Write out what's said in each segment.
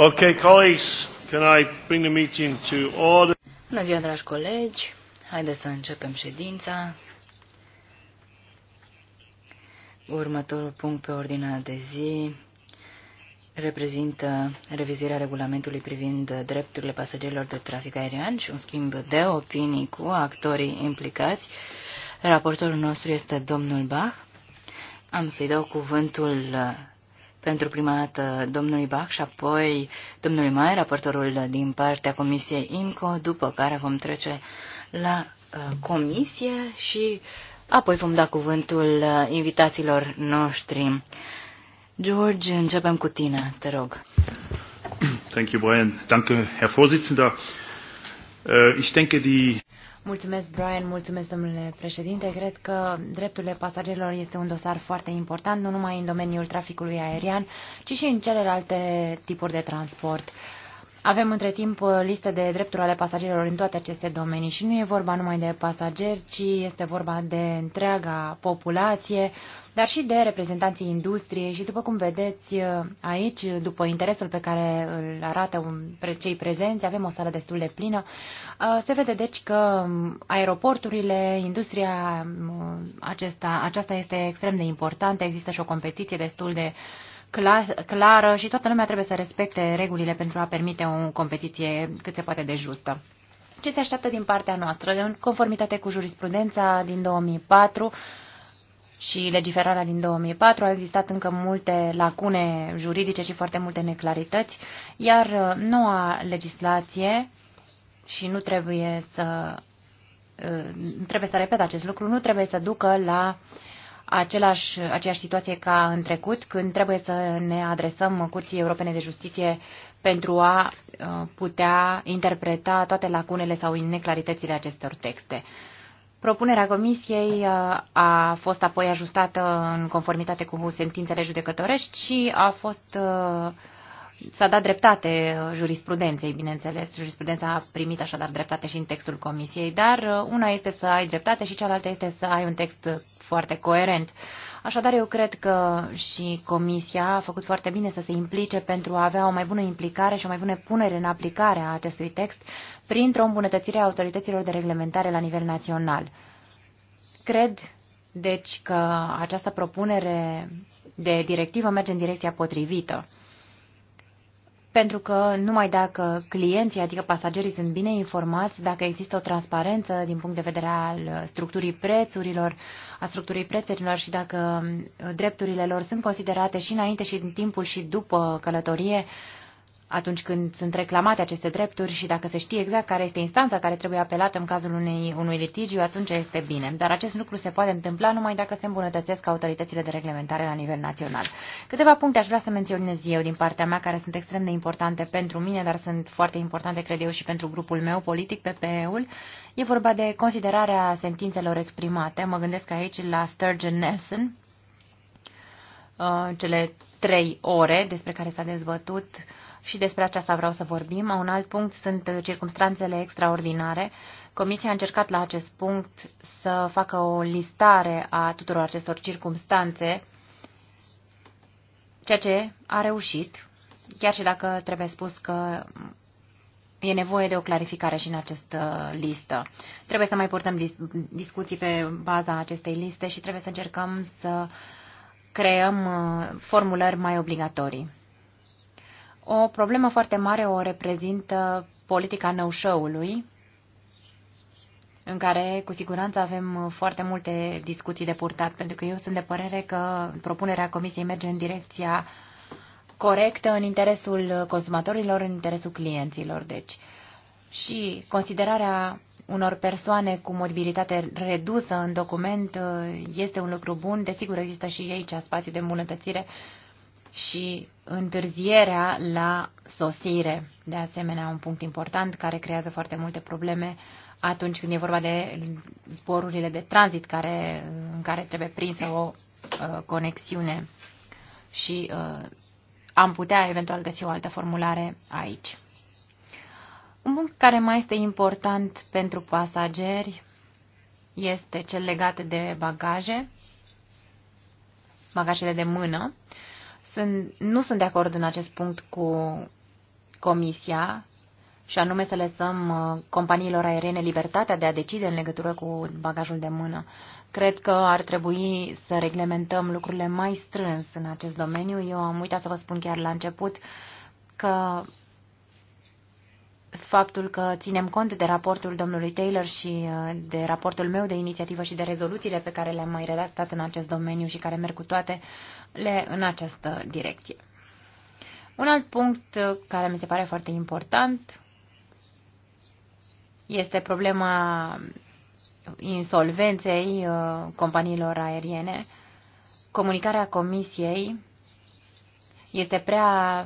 Okay, colleagues, can I bring the meeting to order? Bună ziua, dragi colegi. Haideți să începem ședința. Următorul punct pe ordinea de zi reprezintă revizuirea regulamentului privind drepturile pasagerilor de trafic aerian și un schimb de opinii cu actorii implicați. Raportorul nostru este domnul Bach. Am să-i dau cuvântul pentru prima dată domnului Bach și apoi domnului Mai, raportorul din partea Comisiei IMCO, după care vom trece la uh, comisie și apoi vom da cuvântul uh, invitațiilor noștri. George, începem cu tine, te rog. Thank you, Brian. Danke, Herr Vorsitzender. Uh, ich denke, die Mulțumesc, Brian, mulțumesc, domnule președinte. Cred că drepturile pasagerilor este un dosar foarte important, nu numai în domeniul traficului aerian, ci și în celelalte tipuri de transport. Avem între timp uh, liste de drepturi ale pasagerilor în toate aceste domenii și nu e vorba numai de pasageri, ci este vorba de întreaga populație, dar și de reprezentanții industriei și după cum vedeți uh, aici, după interesul pe care îl arată cei prezenți, avem o sală destul de plină, uh, se vede deci că um, aeroporturile, industria um, acesta, aceasta este extrem de importantă, există și o competiție destul de uh, clară și toată lumea trebuie să respecte regulile pentru a permite o competiție cât se poate de justă. Ce se așteaptă din partea noastră? În conformitate cu jurisprudența din 2004 și legiferarea din 2004 au existat încă multe lacune juridice și foarte multe neclarități, iar uh, noua legislație și nu trebuie să uh, trebuie să repet acest lucru, nu trebuie să ducă la uh, același, aceeași situație ca în trecut, când trebuie să ne adresăm Curții Europene de Justiție pentru a uh, putea interpreta toate lacunele sau neclaritățile acestor texte. Propunerea comisiei uh, a fost apoi ajustată în conformitate cu sentințele judecătorești și a fost uh, S-a dat dreptate uh, jurisprudenței, bineînțeles. Jurisprudența a primit așadar dreptate și în textul comisiei, dar uh, una este să ai dreptate și cealaltă este să ai un text foarte coerent. Așadar, eu cred că și comisia a făcut foarte bine să se implice pentru a avea o mai bună implicare și o mai bună punere în aplicare a acestui text printr-o îmbunătățire a autorităților de reglementare la nivel național. Cred, deci, că această propunere de directivă merge în direcția potrivită pentru că numai dacă clienții, adică pasagerii, sunt bine informați, dacă există o transparență din punct de vedere al structurii prețurilor, a structurii prețurilor și dacă drepturile lor sunt considerate și înainte și în timpul și după călătorie, atunci când sunt reclamate aceste drepturi și dacă se știe exact care este instanța care trebuie apelată în cazul unei, unui litigiu, atunci este bine. Dar acest lucru se poate întâmpla numai dacă se îmbunătățesc autoritățile de reglementare la nivel național. Câteva puncte aș vrea să menționez eu din partea mea, care sunt extrem de importante pentru mine, dar sunt foarte importante, cred eu, și pentru grupul meu politic, PPE-ul. E vorba de considerarea sentințelor exprimate. Mă gândesc aici la Sturgeon Nelson, uh, cele trei ore despre care s-a dezbătut uh, și despre aceasta vreau să vorbim. Un alt punct sunt circumstanțele extraordinare. Comisia a încercat la acest punct să facă o listare a tuturor acestor circumstanțe, ceea ce a reușit, chiar și dacă trebuie spus că e nevoie de o clarificare și în această listă. Trebuie să mai purtăm discuții pe baza acestei liste și trebuie să încercăm să creăm uh, formulări mai obligatorii. O problemă foarte mare o reprezintă politica no-show-ului, în care cu siguranță avem foarte multe discuții de purtat, pentru că eu sunt de părere că propunerea Comisiei merge în direcția corectă în interesul consumatorilor, în interesul clienților. Deci, și considerarea unor persoane cu mobilitate redusă în document uh, este un lucru bun. Desigur, există și aici spațiu de îmbunătățire și întârzierea la sosire. De asemenea, un punct important care creează foarte multe probleme atunci când e vorba de zborurile de tranzit care, în care trebuie prinsă o uh, conexiune și uh, am putea eventual găsi o altă formulare aici. Un punct care mai este important pentru pasageri este cel legat de bagaje, bagajele de mână. Uh, sunt, nu sunt de acord în acest punct cu Comisia și anume să lăsăm uh, companiilor aeriene libertatea de a decide în legătură cu bagajul de mână. Cred că ar trebui să reglementăm lucrurile mai strâns în acest domeniu. Eu am uitat să vă spun chiar la început că faptul că ținem cont de raportul domnului Taylor și uh, de raportul meu de inițiativă și de rezoluțiile pe care le-am mai redactat în acest domeniu și care merg cu toate le în această direcție. Un alt punct uh, care mi se pare foarte important este problema insolvenței uh, companiilor aeriene. Comunicarea Comisiei este prea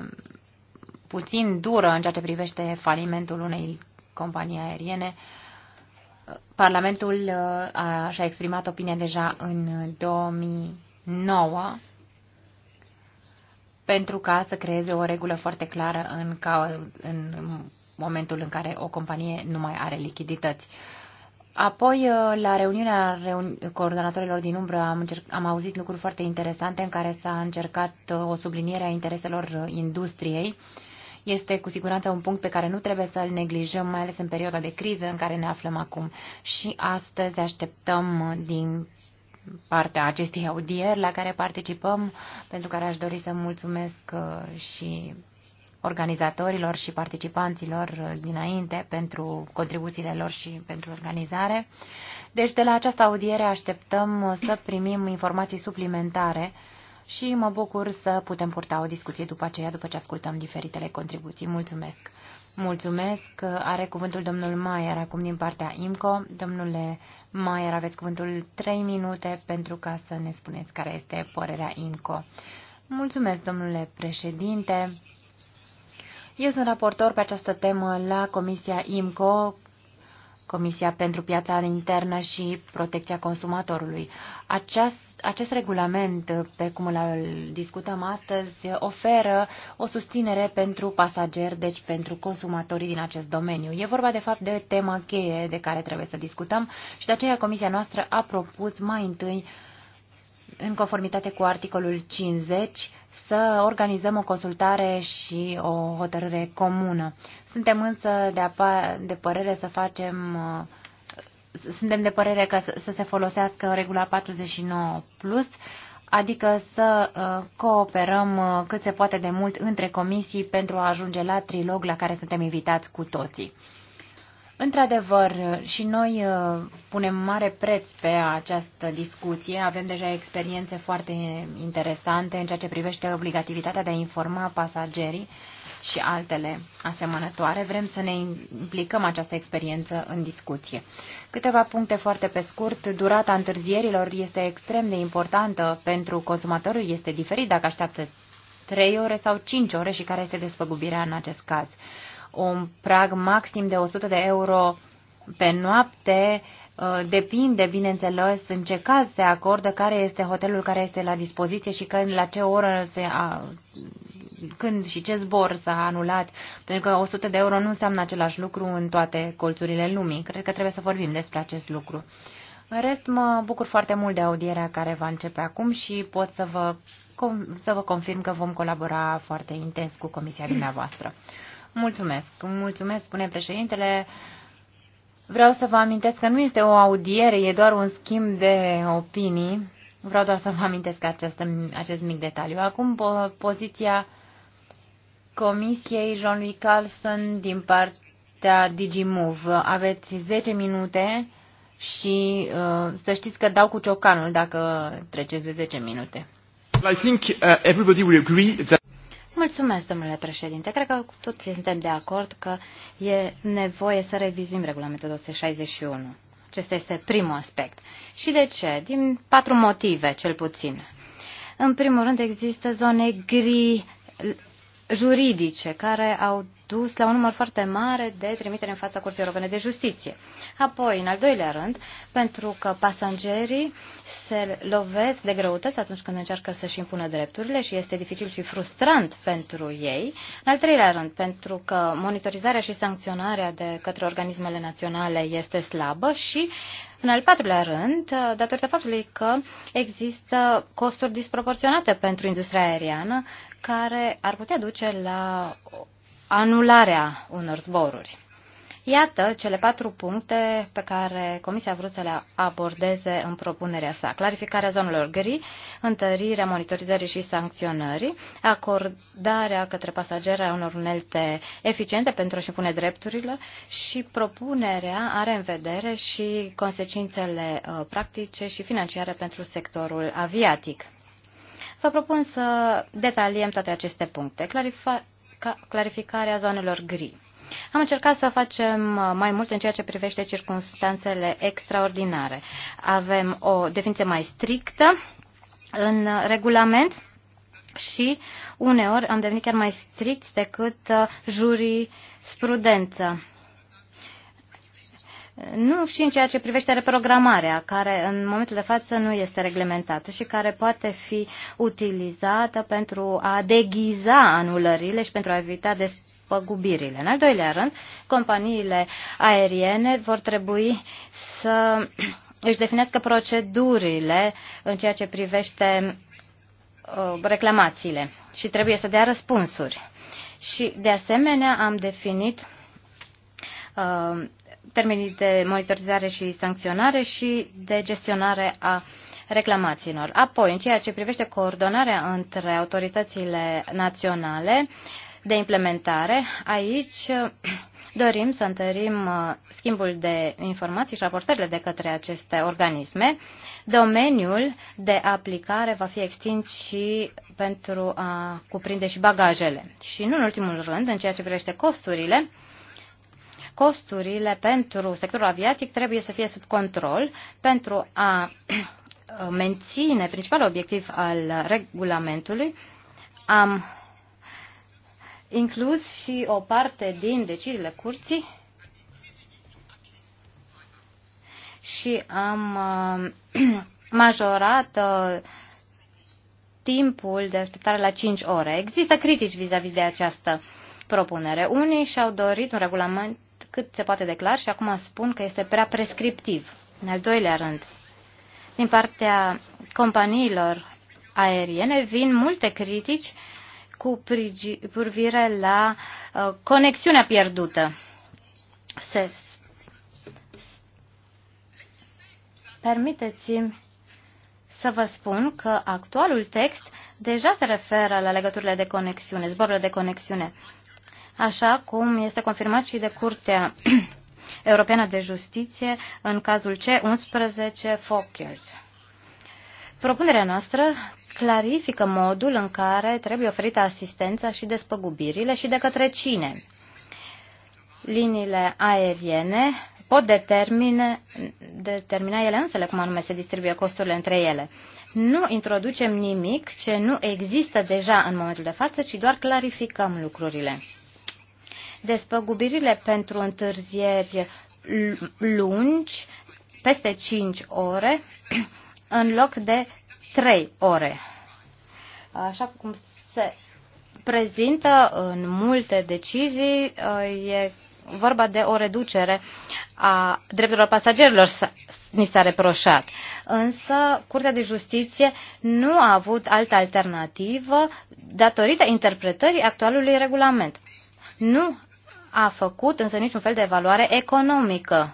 puțin dură în ceea ce privește falimentul unei companii aeriene. Parlamentul uh, a, și-a exprimat opinia deja în 2009 pentru ca să creeze o regulă foarte clară în, ca, în momentul în care o companie nu mai are lichidități. Apoi, uh, la reuniunea reuni- coordonatorilor din umbră, am, am auzit lucruri foarte interesante în care s-a încercat uh, o subliniere a intereselor industriei uh, este cu siguranță un punct pe care nu trebuie să-l neglijăm, mai ales în perioada de criză în care ne aflăm acum. Și astăzi așteptăm din partea acestei audieri la care participăm, pentru care aș dori să mulțumesc uh, și organizatorilor și participanților uh, dinainte pentru contribuțiile lor și pentru organizare. Deci de la această audiere așteptăm uh, să primim informații suplimentare și mă bucur să putem purta o discuție după aceea, după ce ascultăm diferitele contribuții. Mulțumesc! Mulțumesc! Are cuvântul domnul Maier acum din partea IMCO. Domnule Maier, aveți cuvântul 3 minute pentru ca să ne spuneți care este părerea IMCO. Mulțumesc, domnule președinte! Eu sunt raportor pe această temă la Comisia IMCO Comisia pentru Piața Internă și Protecția Consumatorului. Acest, acest regulament, pe cum îl discutăm astăzi, oferă o susținere pentru pasageri, deci pentru consumatorii din acest domeniu. E vorba, de fapt, de tema cheie de care trebuie să discutăm și de aceea Comisia noastră a propus mai întâi, în conformitate cu articolul 50, să organizăm o consultare și o hotărâre comună. Suntem însă de, de părere să facem uh, suntem de părere că să se folosească regula 49 plus, adică să uh, cooperăm uh, cât se poate de mult între comisii pentru a ajunge la trilog la care suntem invitați cu toții. Într-adevăr, și noi uh, punem mare preț pe această discuție. Avem deja experiențe foarte interesante în ceea ce privește obligativitatea de a informa pasagerii și altele asemănătoare. Vrem să ne implicăm această experiență în discuție. Câteva puncte foarte pe scurt. Durata întârzierilor este extrem de importantă pentru consumatorul. Este diferit dacă așteaptă 3 ore sau 5 ore și care este despăgubirea în acest caz un prag maxim de 100 de euro pe noapte uh, depinde, bineînțeles, în ce caz se acordă, care este hotelul care este la dispoziție și când, la ce oră se a, când și ce zbor s-a anulat, pentru că 100 de euro nu înseamnă același lucru în toate colțurile lumii. Cred că trebuie să vorbim despre acest lucru. În rest, mă bucur foarte mult de audierea care va începe acum și pot să vă, să vă confirm că vom colabora foarte intens cu comisia dumneavoastră. Mulțumesc, mulțumesc, spune președintele. Vreau să vă amintesc că nu este o audiere, e doar un schimb de opinii. Vreau doar să vă amintesc acest, acest mic detaliu. Acum po poziția Comisiei Jean-Louis Carlson din partea DigiMove. Aveți 10 minute și uh, să știți că dau cu ciocanul dacă treceți de 10 minute. I think uh, everybody will agree that Mulțumesc, domnule președinte. Cred că toți suntem de acord că e nevoie să revizuim regulamentul 261. Acesta este primul aspect. Și de ce? Din patru motive, cel puțin. În primul rând, există zone gri juridice care au dus la un număr foarte mare de trimitere în fața Curții Europene de Justiție. Apoi, în al doilea rând, pentru că pasagerii se lovesc de greutăți atunci când încearcă să-și impună drepturile și este dificil și frustrant pentru ei. În al treilea rând, pentru că monitorizarea și sancționarea de către organismele naționale este slabă și în al patrulea rând, datorită faptului că există costuri disproporționate pentru industria aeriană care ar putea duce la anularea unor zboruri. Iată cele patru puncte pe care Comisia a vrut să le abordeze în propunerea sa. Clarificarea zonelor gri, întărirea monitorizării și sancționării, acordarea către pasageri a unor unelte eficiente pentru a-și pune drepturile și propunerea are în vedere și consecințele uh, practice și financiare pentru sectorul aviatic. Vă propun să detaliem toate aceste puncte. Clarifa clarificarea zonelor gri. Am încercat să facem uh, mai mult în ceea ce privește circunstanțele extraordinare. Avem o definiție mai strictă în regulament și uneori am devenit chiar mai stricți decât uh, jurisprudență nu și în ceea ce privește reprogramarea, care în momentul de față nu este reglementată și care poate fi utilizată pentru a deghiza anulările și pentru a evita despăgubirile. În al doilea rând, companiile aeriene vor trebui să își definească procedurile în ceea ce privește uh, reclamațiile și trebuie să dea răspunsuri. Și, de asemenea, am definit uh, termenii de monitorizare și sancționare și de gestionare a reclamațiilor. Apoi, în ceea ce privește coordonarea între autoritățile naționale de implementare, aici dorim să întărim uh, schimbul de informații și raportările de către aceste organisme. Domeniul de aplicare va fi extins și pentru a cuprinde și bagajele. Și nu în ultimul rând, în ceea ce privește costurile, costurile pentru sectorul aviatic trebuie să fie sub control pentru a menține principalul obiectiv al regulamentului. Am inclus și o parte din deciziile curții și am uh, majorat uh, timpul de așteptare la 5 ore. Există critici vis-a-vis -vis de această propunere. Unii și-au dorit un regulament cât se poate clar și acum spun că este prea prescriptiv. În al doilea rând, din partea companiilor aeriene vin multe critici cu privire la uh, conexiunea pierdută. Se Permiteți-mi să vă spun că actualul text deja se referă la legăturile de conexiune, zborurile de conexiune. Uh, așa cum este confirmat și de Curtea Europeană de Justiție în cazul C11 Fokkels. Propunerea noastră clarifică modul în care trebuie oferită asistența și despăgubirile și de către cine. Liniile aeriene pot determine, determina ele însele cum anume se distribuie costurile între ele. Nu introducem nimic ce nu există deja în momentul de față, ci doar clarificăm lucrurile despăgubirile pentru întârzieri lungi, peste 5 ore, în loc de 3 ore. Așa cum se prezintă în multe decizii, e vorba de o reducere a drepturilor pasagerilor, ni s-a reproșat. Însă, Curtea de Justiție nu a avut altă alternativă datorită interpretării actualului regulament. Nu a făcut însă niciun fel de evaluare economică,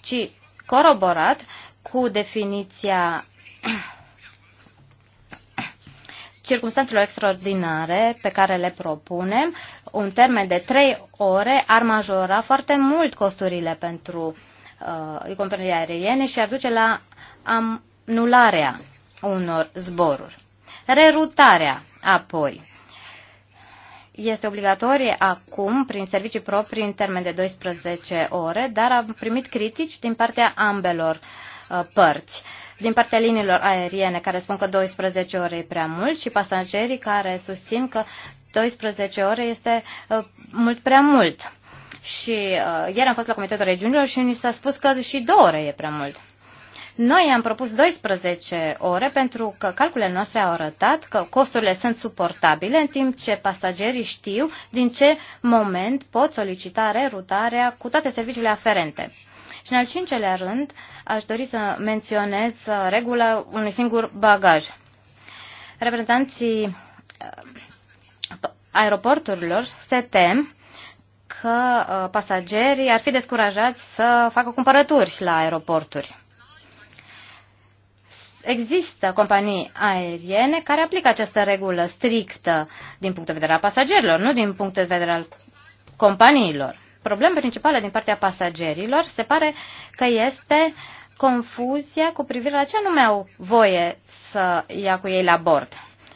ci coroborat cu definiția circunstanțelor extraordinare pe care le propunem, un termen de trei ore ar majora foarte mult costurile pentru uh, companiile aeriene și ar duce la anularea unor zboruri. Rerutarea apoi este obligatorie acum prin servicii proprii în termen de 12 ore, dar am primit critici din partea ambelor uh, părți. Din partea liniilor aeriene care spun că 12 ore e prea mult și pasagerii care susțin că 12 ore este uh, mult prea mult. Și uh, ieri am fost la Comitetul Regiunilor și ni s-a spus că și două ore e prea mult. Noi am propus 12 ore pentru că calculele noastre au arătat că costurile sunt suportabile, în timp ce pasagerii știu din ce moment pot solicita rerutarea cu toate serviciile aferente. Și în al cincelea rând, aș dori să menționez uh, regula unui singur bagaj. Reprezentanții uh, aeroporturilor se tem că uh, pasagerii ar fi descurajați să facă cumpărături la aeroporturi. Există companii aeriene care aplică această regulă strictă din punct de vedere al pasagerilor, nu din punct de vedere al companiilor. Problema principală din partea pasagerilor se pare că este confuzia cu privire la ce anume au voie să ia cu ei la bord.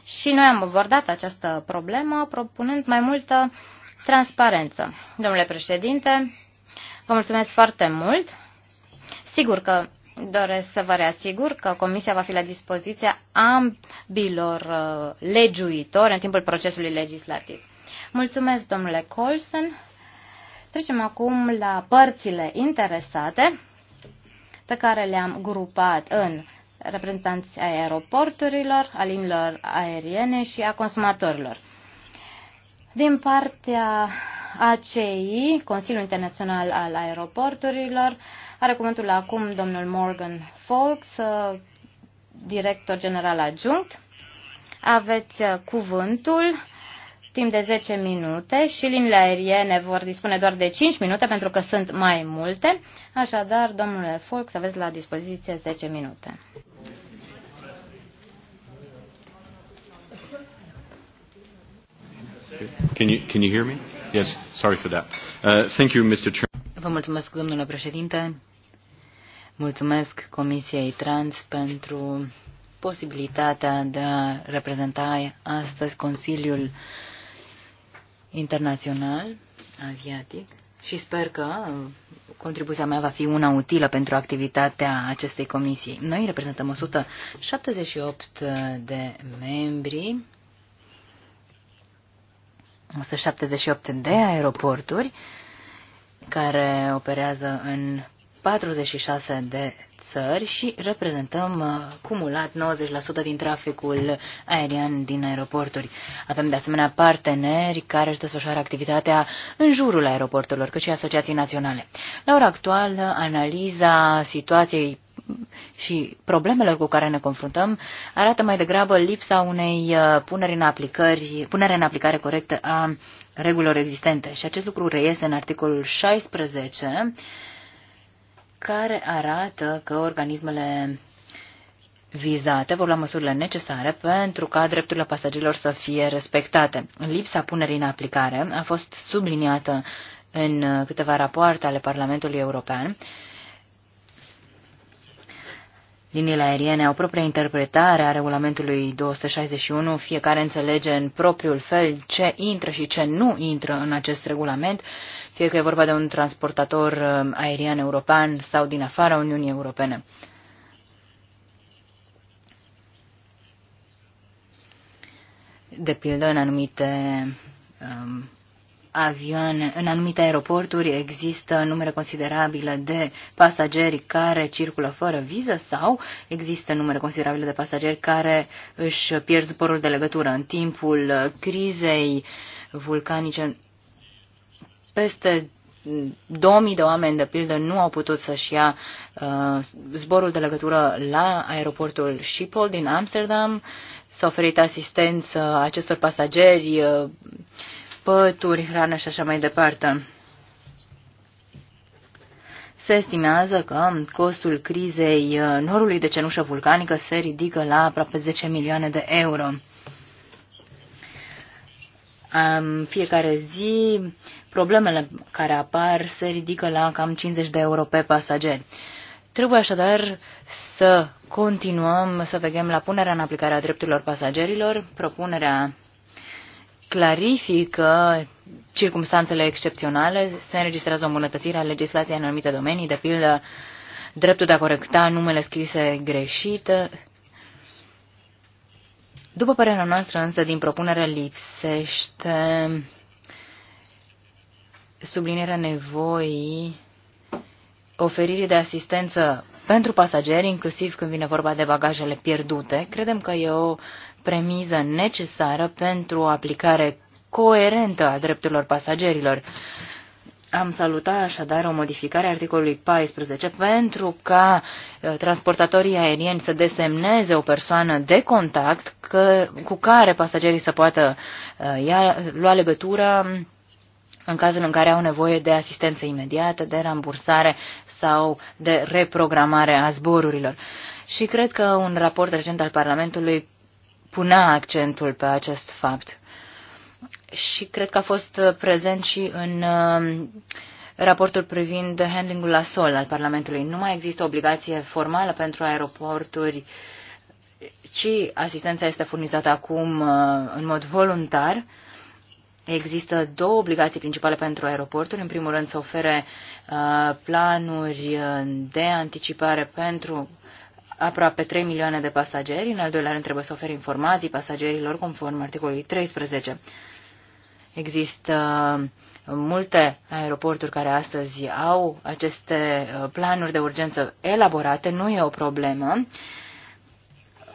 Și noi am abordat această problemă propunând mai multă transparență. Domnule președinte, vă mulțumesc foarte mult. Sigur că doresc să vă reasigur că Comisia va fi la dispoziția ambilor uh, legiuitori în timpul procesului legislativ. Mulțumesc, domnule Colson. Trecem acum la părțile interesate pe care le-am grupat în reprezentanți ai aeroporturilor, a aeriene și a consumatorilor. Din partea ACI, Consiliul Internațional al Aeroporturilor, are cuvântul acum domnul Morgan Folks, uh, director general adjunct. Aveți uh, cuvântul timp de 10 minute și liniile aeriene vor dispune doar de 5 minute pentru că sunt mai multe. Așadar, domnule Folks, aveți la dispoziție 10 minute. Can you, can you hear me? Yes, sorry for that. Uh, thank you, Mr. Chairman. Vă mulțumesc, domnule președinte. Mulțumesc Comisiei Trans pentru posibilitatea de a reprezenta astăzi Consiliul Internațional Aviatic și sper că contribuția mea va fi una utilă pentru activitatea acestei comisii. Noi reprezentăm 178 de membri, 178 de aeroporturi care operează în 46 de țări și reprezentăm uh, cumulat 90% din traficul aerian din aeroporturi. Avem de asemenea parteneri care își desfășoară activitatea în jurul aeroporturilor, cât și asociații naționale. La ora actuală, analiza situației și problemelor cu care ne confruntăm arată mai degrabă lipsa unei uh, puneri în, aplicări, punere în aplicare corectă a regulilor existente. Și acest lucru reiese în articolul 16 care arată că organismele vizate vor lua măsurile necesare pentru ca drepturile pasagerilor să fie respectate. Lipsa punerii în aplicare a fost subliniată în câteva rapoarte ale Parlamentului European. Liniile aeriene au propria interpretare a regulamentului 261, fiecare înțelege în propriul fel ce intră și ce nu intră în acest regulament fie că e vorba de un transportator um, aerian european sau din afara Uniunii Europene. De pildă, în anumite um, avioane, în anumite aeroporturi există numere considerabile de pasageri care circulă fără viză sau există numere considerabile de pasageri care își pierd zborul de legătură în timpul uh, crizei vulcanice peste 2000 de oameni, de pildă, nu au putut să-și ia uh, zborul de legătură la aeroportul Schiphol din Amsterdam. S-a oferit asistență acestor pasageri, uh, pături, hrană și așa mai departe. Se estimează că costul crizei uh, norului de cenușă vulcanică se ridică la aproape 10 milioane de euro fiecare zi problemele care apar se ridică la cam 50 de euro pe pasager. Trebuie așadar să continuăm să vedem la punerea în aplicare a drepturilor pasagerilor. Propunerea clarifică circumstanțele excepționale, se înregistrează o îmbunătățire a legislației în anumite domenii, de pildă dreptul de a corecta numele scrise greșite, după părerea noastră, însă, din propunere lipsește sublinierea nevoii oferirii de asistență pentru pasageri, inclusiv când vine vorba de bagajele pierdute. Credem că e o premiză necesară pentru o aplicare coerentă a drepturilor pasagerilor. Am salutat așadar o modificare a articolului 14 pentru ca uh, transportatorii aerieni să desemneze o persoană de contact că, cu care pasagerii să poată uh, ia, lua legătura în cazul în care au nevoie de asistență imediată, de rambursare sau de reprogramare a zborurilor. Și cred că un raport recent al Parlamentului punea accentul pe acest fapt și cred că a fost uh, prezent și în uh, raportul privind handlingul la sol al Parlamentului. Nu mai există obligație formală pentru aeroporturi, ci asistența este furnizată acum uh, în mod voluntar. Există două obligații principale pentru aeroporturi. În primul rând să ofere planuri de anticipare pentru aproape 3 milioane de pasageri. În al doilea rând trebuie să ofere informații pasagerilor conform articolului 13. Există multe aeroporturi care astăzi au aceste uh, planuri de urgență elaborate, nu e o problemă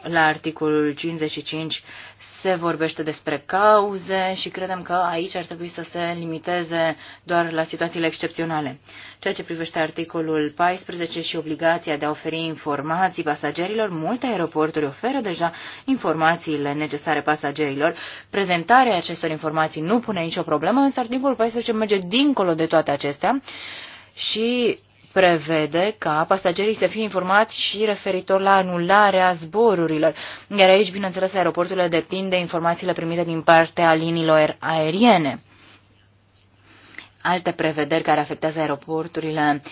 la articolul 55 se vorbește despre cauze și credem că aici ar trebui să se limiteze doar la situațiile excepționale. Ceea ce privește articolul 14 și obligația de a oferi informații pasagerilor, multe aeroporturi oferă deja informațiile necesare pasagerilor. Prezentarea acestor informații nu pune nicio problemă, însă articolul 14 merge dincolo de toate acestea și prevede ca pasagerii să fie informați și referitor la anularea zborurilor. Iar aici, bineînțeles, aeroporturile depind de informațiile primite din partea liniilor aeriene. Alte prevederi care afectează aeroporturile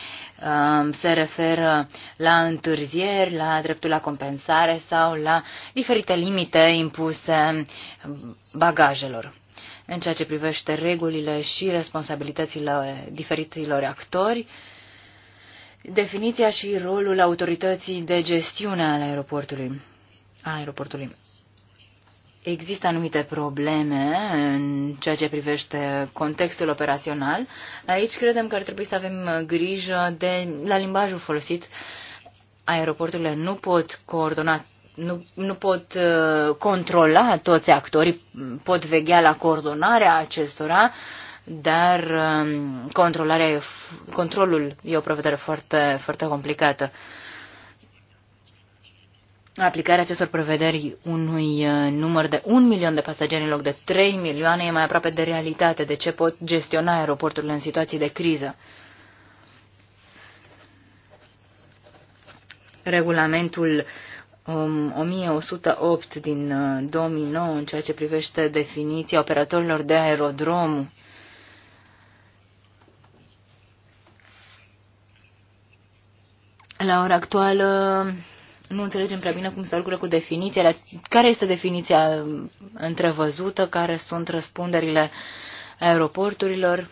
um, se referă la întârzieri, la dreptul la compensare sau la diferite limite impuse bagajelor în ceea ce privește regulile și responsabilitățile diferiților actori, definiția și rolul autorității de gestiune al aeroportului. A aeroportului. Există anumite probleme în ceea ce privește contextul operațional. Aici credem că ar trebui să avem grijă de la limbajul folosit. Aeroporturile nu pot coordona nu, nu pot uh, controla toți actorii, pot veghea la coordonarea acestora, uh, dar um, controlarea controlul e o prevedere foarte, foarte complicată. Aplicarea acestor prevederi unui uh, număr de 1 milion de pasageri în loc de 3 milioane e mai aproape de realitate de ce pot gestiona aeroporturile în situații de criză. Regulamentul 1108 um, din 2009 uh, în ceea ce privește definiția operatorilor de aerodrom La ora actuală nu înțelegem prea bine cum se lucră cu definiția. Care este definiția um, întrevăzută? Care sunt răspunderile aeroporturilor?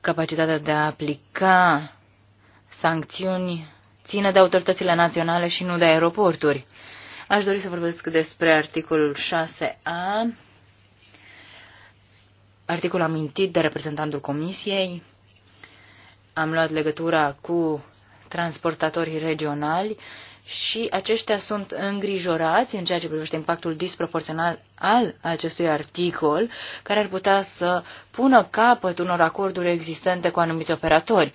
Capacitatea de a aplica sancțiuni ține de autoritățile naționale și nu de aeroporturi. Aș dori să vorbesc despre articolul 6a, articol amintit de reprezentantul Comisiei, am luat legătura cu transportatorii regionali și aceștia sunt îngrijorați în ceea ce privește impactul disproporțional al acestui articol, care ar putea să pună capăt unor acorduri existente cu anumiți operatori.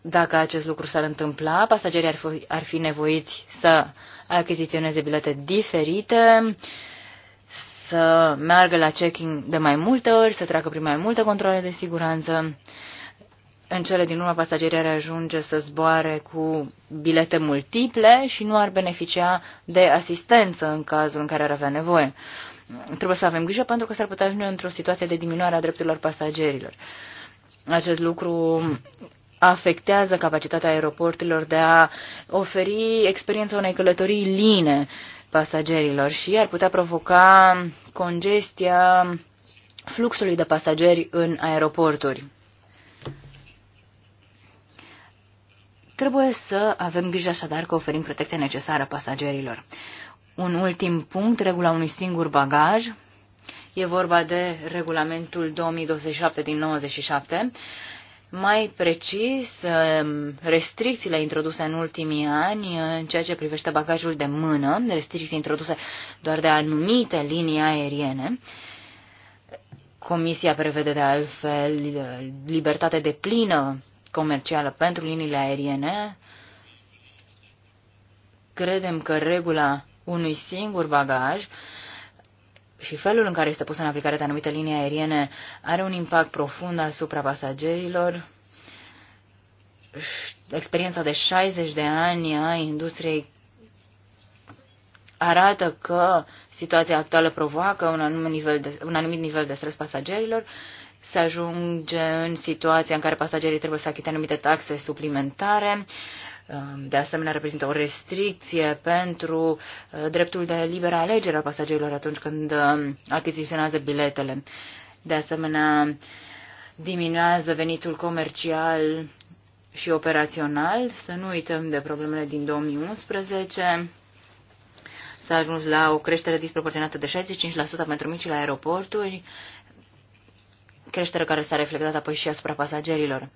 Dacă acest lucru s-ar întâmpla, pasagerii ar fi, ar fi nevoiți să achiziționeze bilete diferite, să meargă la checking de mai multe ori, să treacă prin mai multe controle de siguranță în cele din urmă pasagerii ar ajunge să zboare cu bilete multiple și nu ar beneficia de asistență în cazul în care ar avea nevoie. Trebuie să avem grijă pentru că s-ar putea ajunge într-o situație de diminuare a drepturilor pasagerilor. Acest lucru afectează capacitatea aeroporturilor de a oferi experiența unei călătorii line pasagerilor și ar putea provoca congestia fluxului de pasageri în aeroporturi. Trebuie să avem grijă așadar că oferim protecția necesară pasagerilor. Un ultim punct, regula unui singur bagaj. E vorba de regulamentul 2027 din 97. Mai precis, restricțiile introduse în ultimii ani în ceea ce privește bagajul de mână, restricții introduse doar de anumite linii aeriene. Comisia prevede de altfel libertate de plină comercială pentru liniile aeriene, credem că regula unui singur bagaj și felul în care este pusă în aplicare de anumite linii aeriene are un impact profund asupra pasagerilor. Experiența de 60 de ani a industriei arată că situația actuală provoacă un anumit nivel de, un anumit nivel de stres pasagerilor. Uh, se ajunge în situația în care pasagerii trebuie să achite anumite taxe suplimentare. Um, de asemenea, reprezintă o restricție pentru uh, dreptul de liberă alegere a pasagerilor atunci când um, achiziționează biletele. De asemenea, diminuează venitul comercial și operațional. Să nu uităm de problemele din 2011. S-a ajuns la o creștere disproporționată de 65% pentru micile aeroporturi, creștere care s-a reflectat apoi și asupra pasagerilor.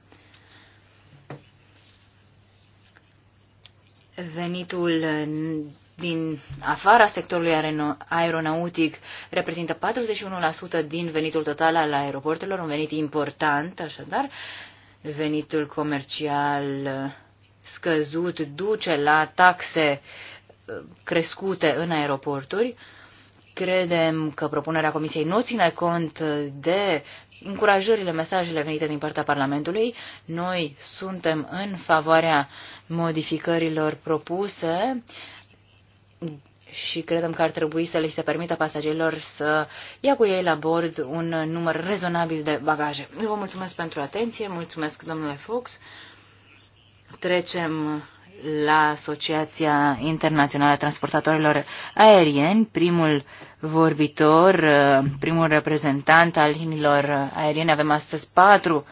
Venitul din afara sectorului aeronautic reprezintă 41% din venitul total al aeroporturilor, un venit important, așadar, venitul comercial scăzut duce la taxe uh, crescute în aeroporturi. Credem că propunerea Comisiei nu ține cont de încurajările, mesajele venite din partea Parlamentului. Noi suntem în favoarea modificărilor propuse și credem că ar trebui să le se permită pasagerilor să ia cu ei la bord un număr rezonabil de bagaje. Vă mulțumesc pentru atenție, mulțumesc domnule Fox. Trecem la Asociația Internațională a Transportatorilor Aerieni, primul vorbitor, uh, primul reprezentant al liniilor aeriene. Avem astăzi patru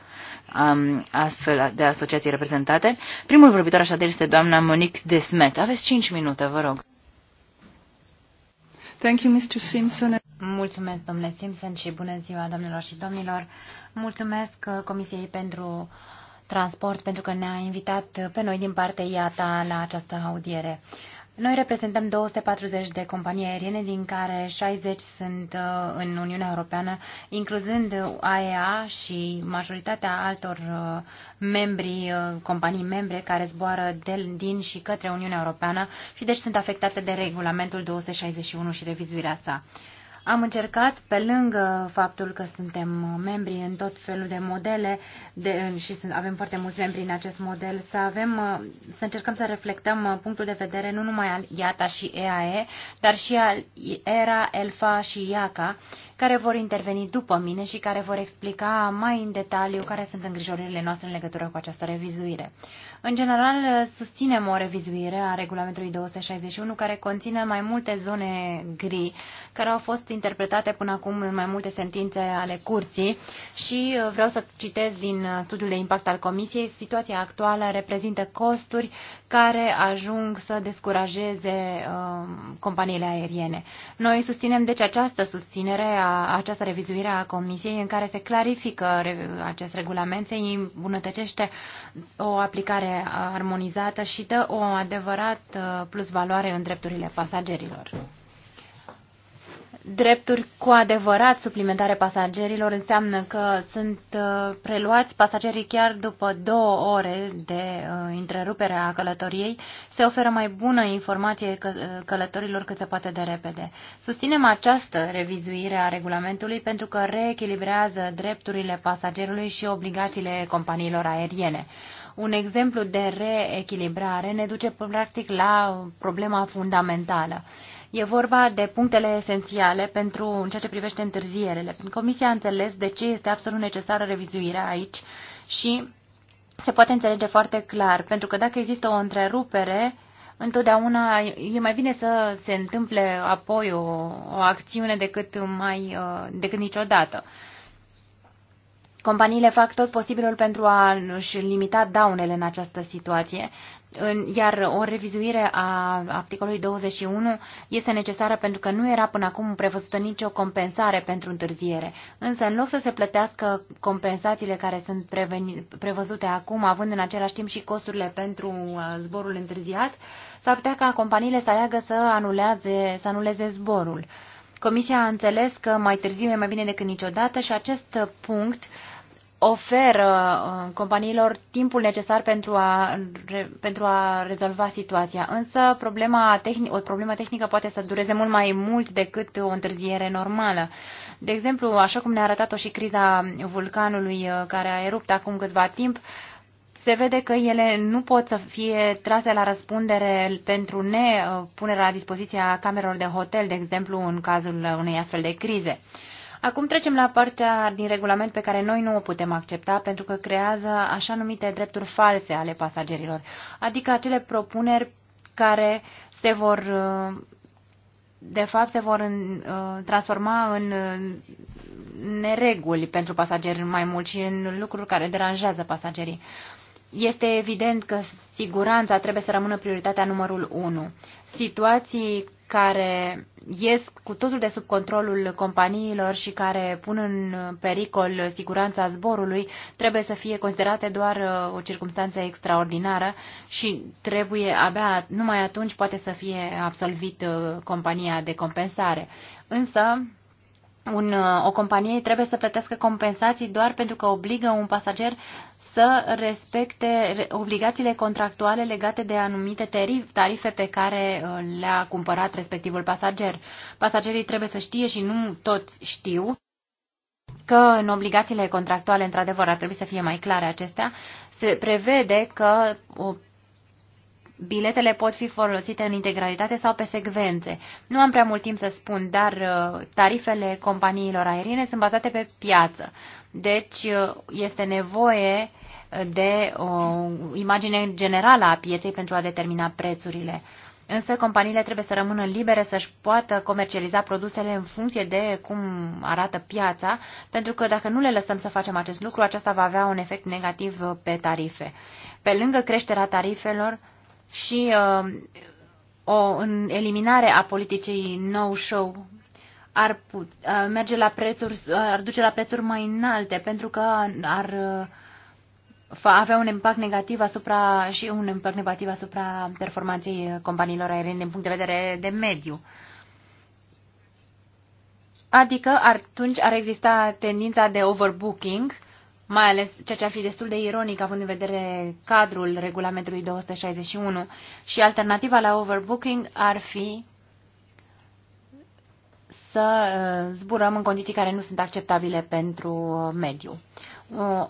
um, astfel de asociații reprezentate. Primul vorbitor așadar este doamna Monique Desmet. Aveți cinci minute, vă rog. Thank you, Mr. Simpson. Mulțumesc, domnule Simpson, și bună ziua, domnilor și domnilor. Mulțumesc uh, Comisiei pentru uh, transport pentru că ne-a invitat pe noi din partea IATA la această audiere. Noi reprezentăm 240 de companii aeriene, din care 60 sunt uh, în Uniunea Europeană, incluzând AEA și majoritatea altor uh, membri, uh, companii membre care zboară de, din și către Uniunea Europeană și deci sunt afectate de regulamentul 261 și revizuirea sa. Am încercat, pe lângă faptul că suntem membri în tot felul de modele de, și sunt, avem foarte mulți membri în acest model, să, avem, să încercăm să reflectăm punctul de vedere nu numai al IATA și EAE, dar și al ERA, ELFA și IACA care vor interveni după mine și care vor explica mai în detaliu care sunt îngrijorările noastre în legătură cu această revizuire. În general, susținem o revizuire a regulamentului 261 care conține mai multe zone gri care au fost interpretate până acum în mai multe sentințe ale curții și uh, vreau să citez din uh, studiul de impact al Comisiei. Situația actuală reprezintă costuri care ajung să descurajeze uh, companiile aeriene. Noi susținem deci această susținere, a, această revizuire a Comisiei în care se clarifică acest regulament, se îmbunătățește o aplicare armonizată și dă o adevărat uh, plus valoare în drepturile pasagerilor drepturi cu adevărat suplimentare pasagerilor înseamnă că sunt uh, preluați pasagerii chiar după două ore de uh, întrerupere a călătoriei, se oferă mai bună informație uh, călătorilor cât se poate de repede. Susținem această revizuire a regulamentului pentru că reechilibrează drepturile pasagerului și obligațiile companiilor aeriene. Un exemplu de reechilibrare ne duce practic la problema fundamentală. E vorba de punctele esențiale pentru în ceea ce privește întârzierele. Comisia a înțeles de ce este absolut necesară revizuirea aici și se poate înțelege foarte clar, pentru că dacă există o întrerupere, întotdeauna e mai bine să se întâmple apoi o, o acțiune decât, mai, uh, decât niciodată. Companiile fac tot posibilul pentru a și limita daunele în această situație, iar o revizuire a articolului 21 este necesară pentru că nu era până acum prevăzută nicio compensare pentru întârziere. Însă, în loc să se plătească compensațiile care sunt prevăzute acum, având în același timp și costurile pentru uh, zborul întârziat, s-ar putea ca companiile să aleagă să, anuleze, să anuleze zborul. Comisia a înțeles că mai târziu e mai bine decât niciodată și acest punct uh, oferă uh, companiilor timpul necesar pentru a, pentru a rezolva situația. Însă problema tehnic, o problemă tehnică poate să dureze mult mai mult decât o întârziere normală. De exemplu, așa cum ne-a arătat-o și criza vulcanului uh, care a erupt acum câtva timp, se vede că ele nu pot să fie trase la răspundere pentru nepunerea la dispoziție a camerelor de hotel, de exemplu, în cazul unei astfel de crize. Acum trecem la partea din regulament pe care noi nu o putem accepta pentru că creează așa numite drepturi false ale pasagerilor, adică acele propuneri care se vor de fapt se vor în, uh, transforma în uh, nereguli pentru pasageri mai mult și în lucruri care deranjează pasagerii. Este evident că siguranța trebuie să rămână prioritatea numărul 1. Situații care ies cu totul de sub controlul companiilor și care pun în pericol siguranța zborului, trebuie să fie considerate doar uh, o circunstanță extraordinară și trebuie abia numai atunci poate să fie absolvit uh, compania de compensare. Însă, un, uh, o companie trebuie să plătească compensații doar pentru că obligă un pasager să respecte obligațiile contractuale legate de anumite tarife pe care uh, le-a cumpărat respectivul pasager. Pasagerii trebuie să știe și nu toți știu că în obligațiile contractuale, într-adevăr, ar trebui să fie mai clare acestea, se prevede că o biletele pot fi folosite în integralitate sau pe secvențe. Nu am prea mult timp să spun, dar uh, tarifele companiilor aeriene sunt bazate pe piață. Deci uh, este nevoie de o imagine generală a pieței pentru a determina prețurile. Însă companiile trebuie să rămână libere să-și poată comercializa produsele în funcție de cum arată piața, pentru că dacă nu le lăsăm să facem acest lucru, aceasta va avea un efect negativ pe tarife. Pe lângă creșterea tarifelor și uh, o în eliminare a politicii no-show ar uh, merge la prețuri, uh, ar duce la prețuri mai înalte, pentru că ar uh, va avea un impact negativ asupra și un impact negativ asupra performanței companiilor aeriene din punct de vedere de mediu. Adică atunci ar exista tendința de overbooking, mai ales ceea ce ar fi destul de ironic având în vedere cadrul regulamentului 261 și alternativa la overbooking ar fi să uh, zburăm în condiții care nu sunt acceptabile pentru uh, mediu. Uh,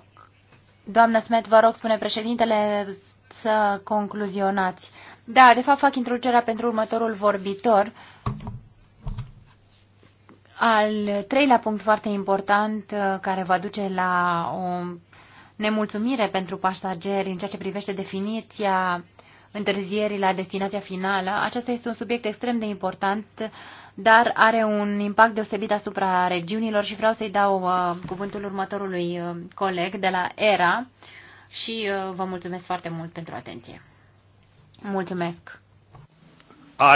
Doamnă Smet, vă rog, spune președintele, să concluzionați. Da, de fapt fac introducerea pentru următorul vorbitor. Al treilea punct foarte important uh, care va duce la o nemulțumire pentru pasageri în ceea ce privește definiția întârzierii la destinația finală. Acesta este un subiect extrem de important, dar are un impact deosebit asupra regiunilor și vreau să-i dau uh, cuvântul următorului uh, coleg de la ERA și uh, vă mulțumesc foarte mult pentru atenție. Mulțumesc!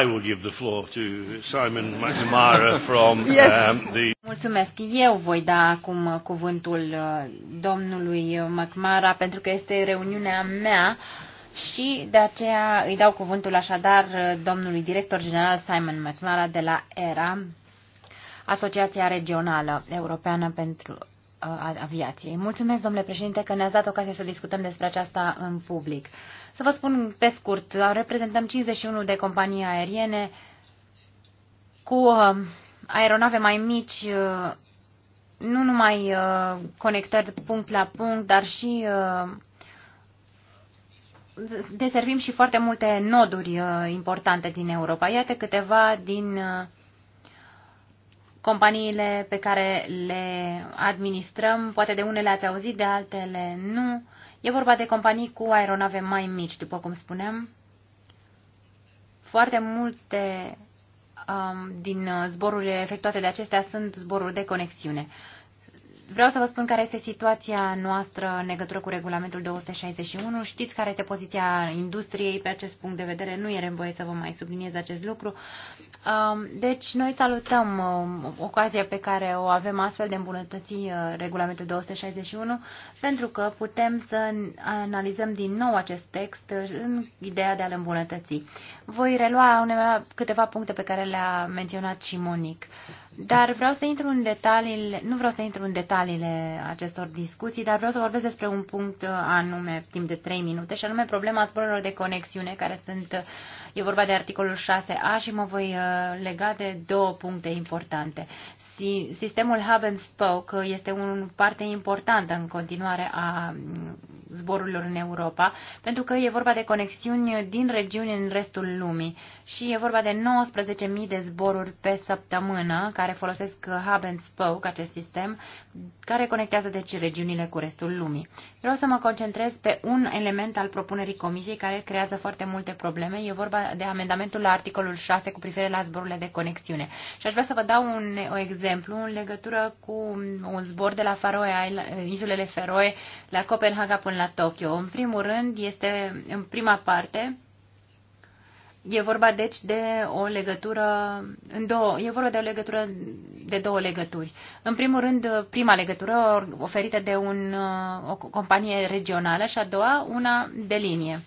I will give the floor to Simon McNamara from yes. um, the... Mulțumesc. Eu voi da acum cuvântul uh, domnului McNamara pentru că este reuniunea mea și de aceea îi dau cuvântul așadar domnului director general Simon McNara de la ERA, Asociația Regională Europeană pentru uh, Aviație. Mulțumesc, domnule președinte, că ne-ați dat ocazia să discutăm despre aceasta în public. Să vă spun pe scurt, reprezentăm 51 de companii aeriene cu uh, aeronave mai mici, uh, nu numai conectări punct la punct, dar și deservim și foarte multe noduri uh, importante din Europa. Iată câteva din uh, companiile pe care le administrăm. Poate de unele ați auzit, de altele nu. E vorba de companii cu aeronave mai mici, după cum spuneam. Foarte multe um, din uh, zborurile efectuate de acestea sunt zboruri de conexiune. Uh, Vreau să vă spun care este situația noastră în legătură cu regulamentul 261. Știți care este poziția industriei pe acest punct de vedere. Nu e voie să vă mai subliniez acest lucru. Um, deci, noi salutăm um, ocazia pe care o avem astfel de îmbunătăți uh, regulamentul 261 pentru că putem să analizăm din nou acest text uh, în ideea de a-l îmbunătăți. Voi relua câteva puncte pe care le-a menționat și Monique. Dar vreau să intru în detaliile, nu vreau să intru în detaliile acestor discuții, dar vreau să vorbesc despre un punct uh, anume, timp de 3 minute, și anume problema zborurilor de conexiune, care sunt, uh, e vorba de articolul 6a și mă voi uh, lega de două puncte importante. Sistemul Hub and Spoke este o parte importantă în continuare a mm, zborurilor în Europa, pentru că e vorba de conexiuni din regiuni în restul lumii și e vorba de 19.000 de zboruri pe săptămână care folosesc Hub and Spoke, acest sistem, care conectează deci regiunile cu restul lumii. Vreau să mă concentrez pe un element al propunerii comisiei care creează foarte multe probleme. E vorba de amendamentul la articolul 6 cu privire la zborurile de conexiune. Și aș vrea să vă dau un o exemplu în legătură cu un zbor de la Faroe, insulele Feroe, la Copenhaga până la Tokyo. În primul rând, este în prima parte E vorba deci de o legătură în două, e vorba de o legătură de două legături. În primul rând, prima legătură oferită de un, uh, o companie regională și a doua una de linie.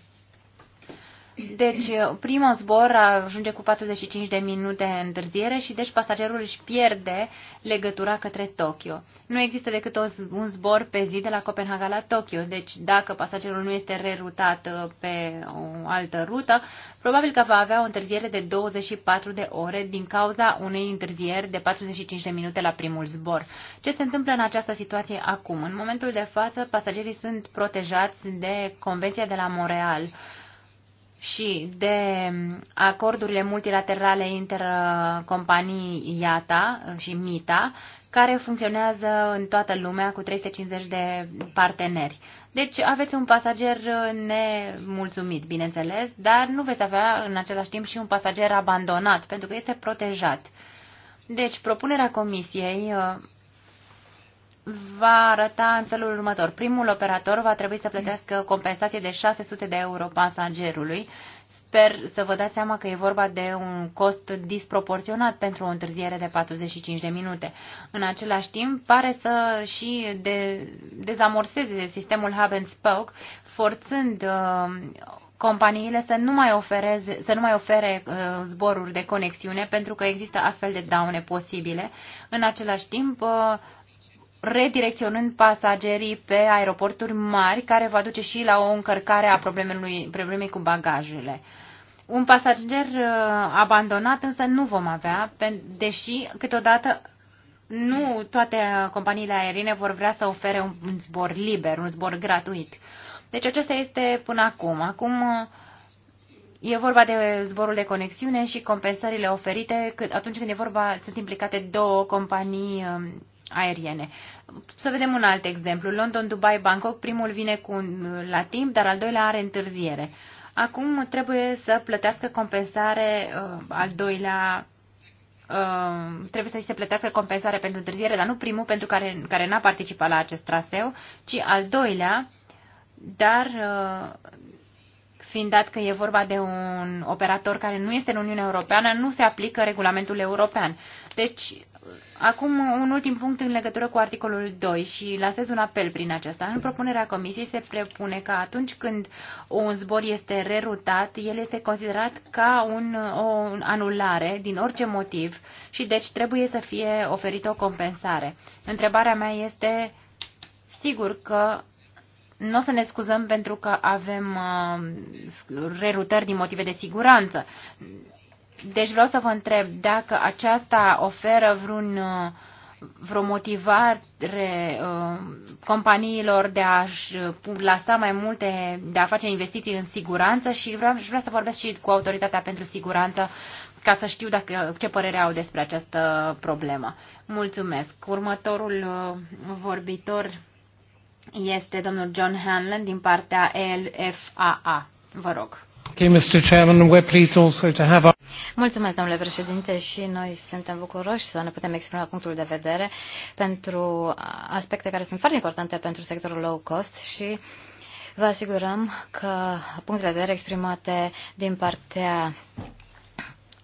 Deci, primul zbor ajunge cu 45 de minute întârziere și deci pasagerul își pierde legătura către Tokyo. Nu există decât un zbor pe zi de la Copenhaga la Tokyo, deci dacă pasagerul nu este rerutat uh, pe o altă rută, probabil că va avea o întârziere de 24 de ore din cauza unei întârzieri de 45 de minute la primul zbor. Ce se întâmplă în această situație acum? În momentul de față, pasagerii sunt protejați de Convenția de la Montreal și de acordurile multilaterale intercompanii IATA și MITA, care funcționează în toată lumea cu 350 de parteneri. Deci aveți un pasager nemulțumit, bineînțeles, dar nu veți avea în același timp și un pasager abandonat, pentru că este protejat. Deci propunerea comisiei va arăta în felul următor. Primul operator va trebui să plătească compensație de 600 de euro pasagerului. Sper să vă dați seama că e vorba de un cost disproporționat pentru o întârziere de 45 de minute. În același timp, pare să și de, dezamorseze sistemul hub and spoke, forțând uh, companiile să nu mai, ofereze, să nu mai ofere uh, zboruri de conexiune pentru că există astfel de daune posibile. În același timp, uh, redirecționând pasagerii pe aeroporturi mari, care va duce și la o încărcare a problemei, problemei cu bagajele. Un pasager uh, abandonat însă nu vom avea, deși câteodată nu toate uh, companiile aeriene vor vrea să ofere un zbor liber, un zbor gratuit. Deci acesta este până acum. Acum uh, e vorba de zborul de conexiune și compensările oferite atunci când e vorba, sunt implicate două companii um, aeriene. Să vedem un alt exemplu. London, Dubai, Bangkok, primul vine cu un, la timp, dar al doilea are întârziere. Acum trebuie să plătească compensare uh, al doilea Uh, trebuie să-și se plătească compensare pentru întârziere, dar nu primul pentru care, care n-a participat la acest traseu, ci al doilea, dar uh, fiind dat că e vorba de un operator care nu este în Uniunea Europeană, nu se aplică regulamentul european. Deci Acum, un ultim punct în legătură cu articolul 2 și lasez un apel prin acesta. În propunerea comisiei se prepune că atunci când un zbor este rerutat, el este considerat ca un, o anulare din orice motiv și deci trebuie să fie oferită o compensare. Întrebarea mea este, sigur că nu o să ne scuzăm pentru că avem uh, rerutări din motive de siguranță. Deci vreau să vă întreb dacă aceasta oferă vreun, uh, vreo motivare uh, companiilor de a-și lăsa mai multe, de a face investiții în siguranță și vreau, și vreau să vorbesc și cu Autoritatea pentru Siguranță ca să știu dacă, ce părere au despre această problemă. Mulțumesc. Următorul uh, vorbitor este domnul John Hanlon din partea LFAA. Vă rog. Mulțumesc, domnule președinte, și noi suntem bucuroși să ne putem exprima punctul de vedere pentru aspecte care sunt foarte importante pentru sectorul low cost și vă asigurăm că punctele de vedere exprimate din partea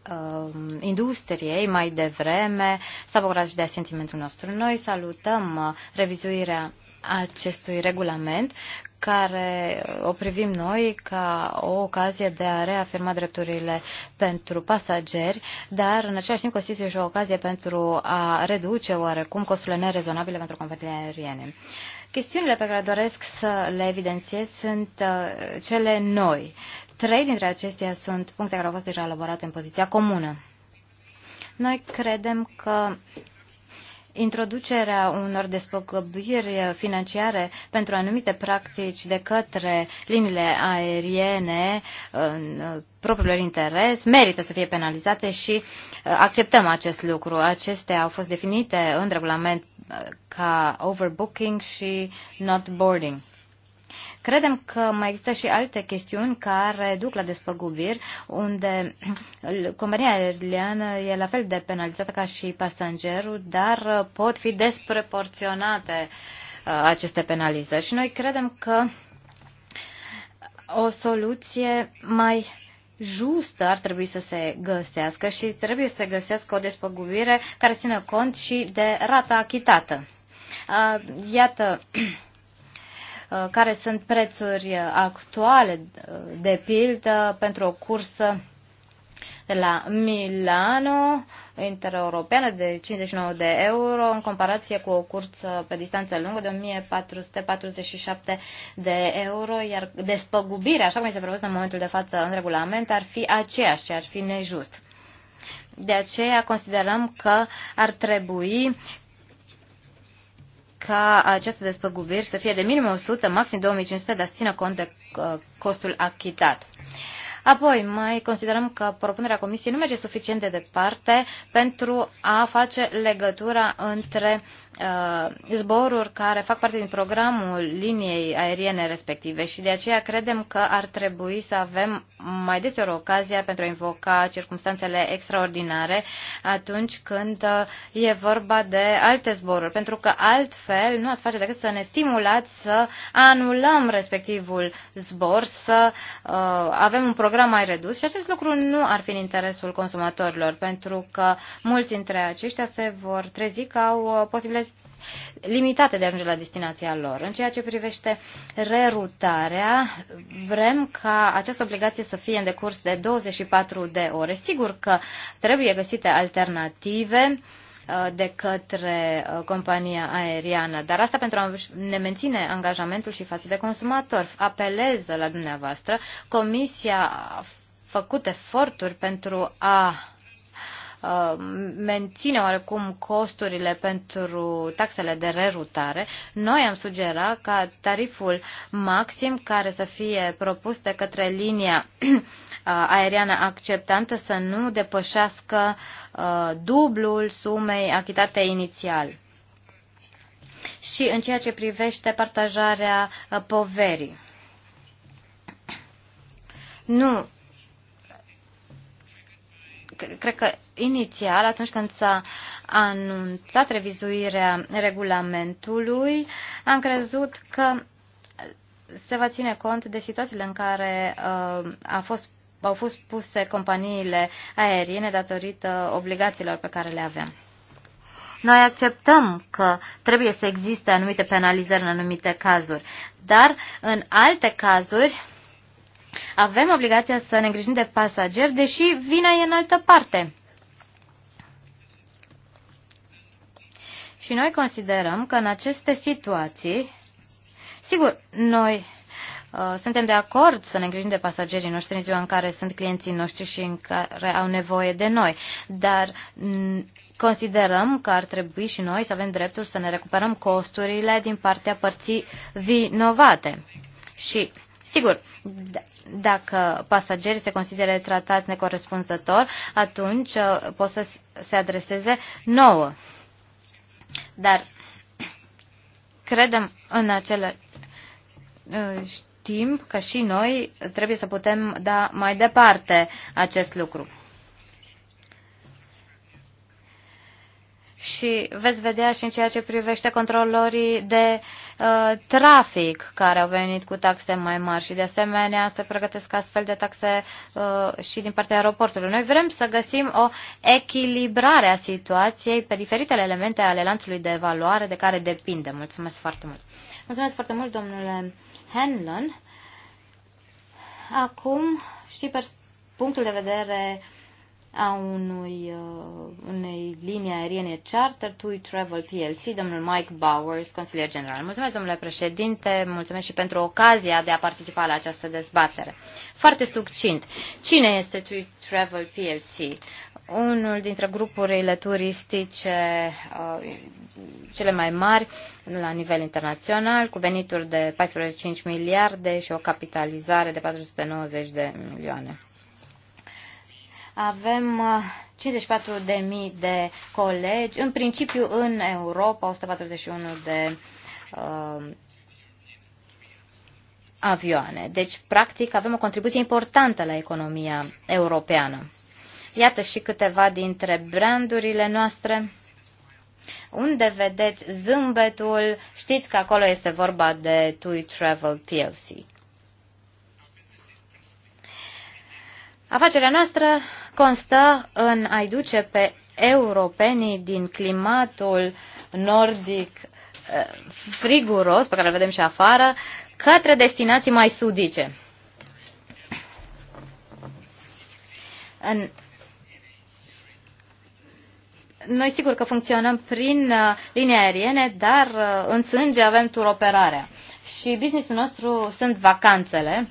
um, industriei mai devreme s-a bucurat și de sentimentul nostru. Noi salutăm revizuirea acestui regulament, care o privim noi ca o ocazie de a reafirma drepturile pentru pasageri, dar în același timp constituie și o ocazie pentru a reduce oarecum costurile nerezonabile pentru companiile aeriene. Chestiunile pe care doresc să le evidențiez sunt uh, cele noi. Trei dintre acestea sunt puncte care au fost deja elaborate în poziția comună. Noi credem că Introducerea unor despăgăbiri financiare pentru anumite practici de către liniile aeriene în propriilor interes merită să fie penalizate și uh, acceptăm acest lucru. Acestea au fost definite în regulament uh, ca overbooking și not boarding. Credem că mai există și alte chestiuni care duc la despăgubiri, unde compania aeriană e la fel de penalizată ca și pasagerul, dar pot fi desproporționate uh, aceste penalizări. Și noi credem că o soluție mai justă ar trebui să se găsească și trebuie să se găsească o despăgubire care țină cont și de rata achitată. Uh, iată Uh, care sunt prețuri uh, actuale, uh, de pildă, pentru o cursă de la Milano, intereuropeană, de 59 de euro, în comparație cu o cursă pe distanță lungă de 1447 de euro, iar despăgubirea, așa cum este prevăzut în momentul de față în regulament, ar fi aceeași, ar fi nejust. De aceea considerăm că ar trebui ca aceste despăgubiri să fie de minim 100, maxim 2500, dar să țină cont de uh, costul achitat. Apoi, mai considerăm că propunerea Comisiei nu merge suficient de departe pentru a face legătura între Uh, zboruri care fac parte din programul liniei aeriene respective și de aceea credem că ar trebui să avem mai deseori ocazia pentru a invoca circumstanțele extraordinare atunci când uh, e vorba de alte zboruri, pentru că altfel nu ați face decât să ne stimulați să anulăm respectivul zbor, să uh, avem un program mai redus și acest lucru nu ar fi în interesul consumatorilor, pentru că mulți dintre aceștia se vor trezi că au uh, posibilitatea limitate de a ajunge la destinația lor. În ceea ce privește rerutarea, vrem ca această obligație să fie în decurs de 24 de ore. Sigur că trebuie găsite alternative uh, de către uh, compania aeriană. Dar asta pentru a ne menține angajamentul și față de consumator. Apelez la dumneavoastră. Comisia a făcut eforturi pentru a Uh, menține oarecum costurile pentru taxele de rerutare, noi am sugera ca tariful maxim care să fie propus de către linia uh, aeriană acceptantă să nu depășească uh, dublul sumei achitate inițial. Și în ceea ce privește partajarea poverii. Nu. Cred că inițial, atunci când s-a anunțat revizuirea regulamentului, am crezut că se va ține cont de situațiile în care uh, a fost, au fost puse companiile aeriene datorită obligațiilor pe care le aveam. Noi acceptăm că trebuie să existe anumite penalizări în anumite cazuri, dar în alte cazuri avem obligația să ne îngrijim de pasageri, deși vina e în altă parte. Și noi considerăm că în aceste situații, sigur, noi uh, suntem de acord să ne îngrijim de pasagerii noștri în ziua în care sunt clienții noștri și în care au nevoie de noi, dar mm, considerăm că ar trebui și noi să avem dreptul să ne recuperăm costurile din partea părții vinovate. Și Sigur, dacă pasagerii se consideră tratați necorespunzător, atunci uh, pot să se adreseze nouă dar credem în același ă, timp că și noi trebuie să putem da mai departe acest lucru. și veți vedea și în ceea ce privește controlorii de uh, trafic care au venit cu taxe mai mari și de asemenea se pregătesc astfel de taxe uh, și din partea aeroportului. Noi vrem să găsim o echilibrare a situației pe diferitele elemente ale lanțului de evaluare de care depinde. Mulțumesc foarte mult. Mulțumesc foarte mult, domnule Hanlon. Acum și punctul de vedere a unui, uh, unei linii aeriene charter to Travel PLC, domnul Mike Bowers, consilier general. Mulțumesc, domnule președinte, mulțumesc și pentru ocazia de a participa la această dezbatere. Foarte succint. Cine este TUI Travel PLC? Unul dintre grupurile turistice uh, cele mai mari la nivel internațional, cu venituri de 14,5 miliarde și o capitalizare de 490 de milioane. Avem 54.000 uh, de colegi, în principiu în Europa, 141 de uh, avioane. Deci, practic, avem o contribuție importantă la economia europeană. Iată și câteva dintre brandurile noastre. Unde vedeți zâmbetul, știți că acolo este vorba de TUI Travel PLC. Afacerea noastră constă în a-i duce pe europenii din climatul nordic eh, friguros, pe care îl vedem și afară, către destinații mai sudice. În noi sigur că funcționăm prin eh, linii aeriene, dar eh, în sânge avem turoperarea. Și businessul nostru sunt vacanțele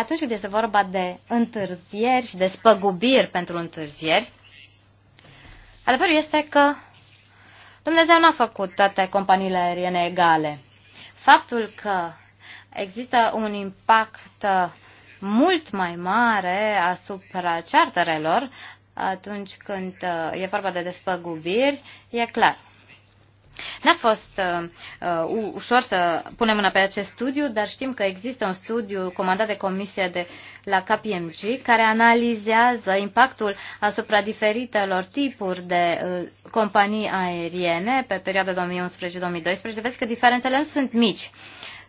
Atunci când este vorba de întârzieri și de spăgubiri pentru întârzieri, adevărul este că Dumnezeu nu a făcut toate companiile aeriene egale. Faptul că există un impact mult mai mare asupra charterelor atunci când uh, e vorba de despăgubiri, e clar. N-a fost uh, ușor să punem mâna pe acest studiu, dar știm că există un studiu comandat de Comisia de la KPMG care analizează impactul asupra diferitelor tipuri de uh, companii aeriene pe perioada 2011-2012. Vezi că diferențele nu sunt mici.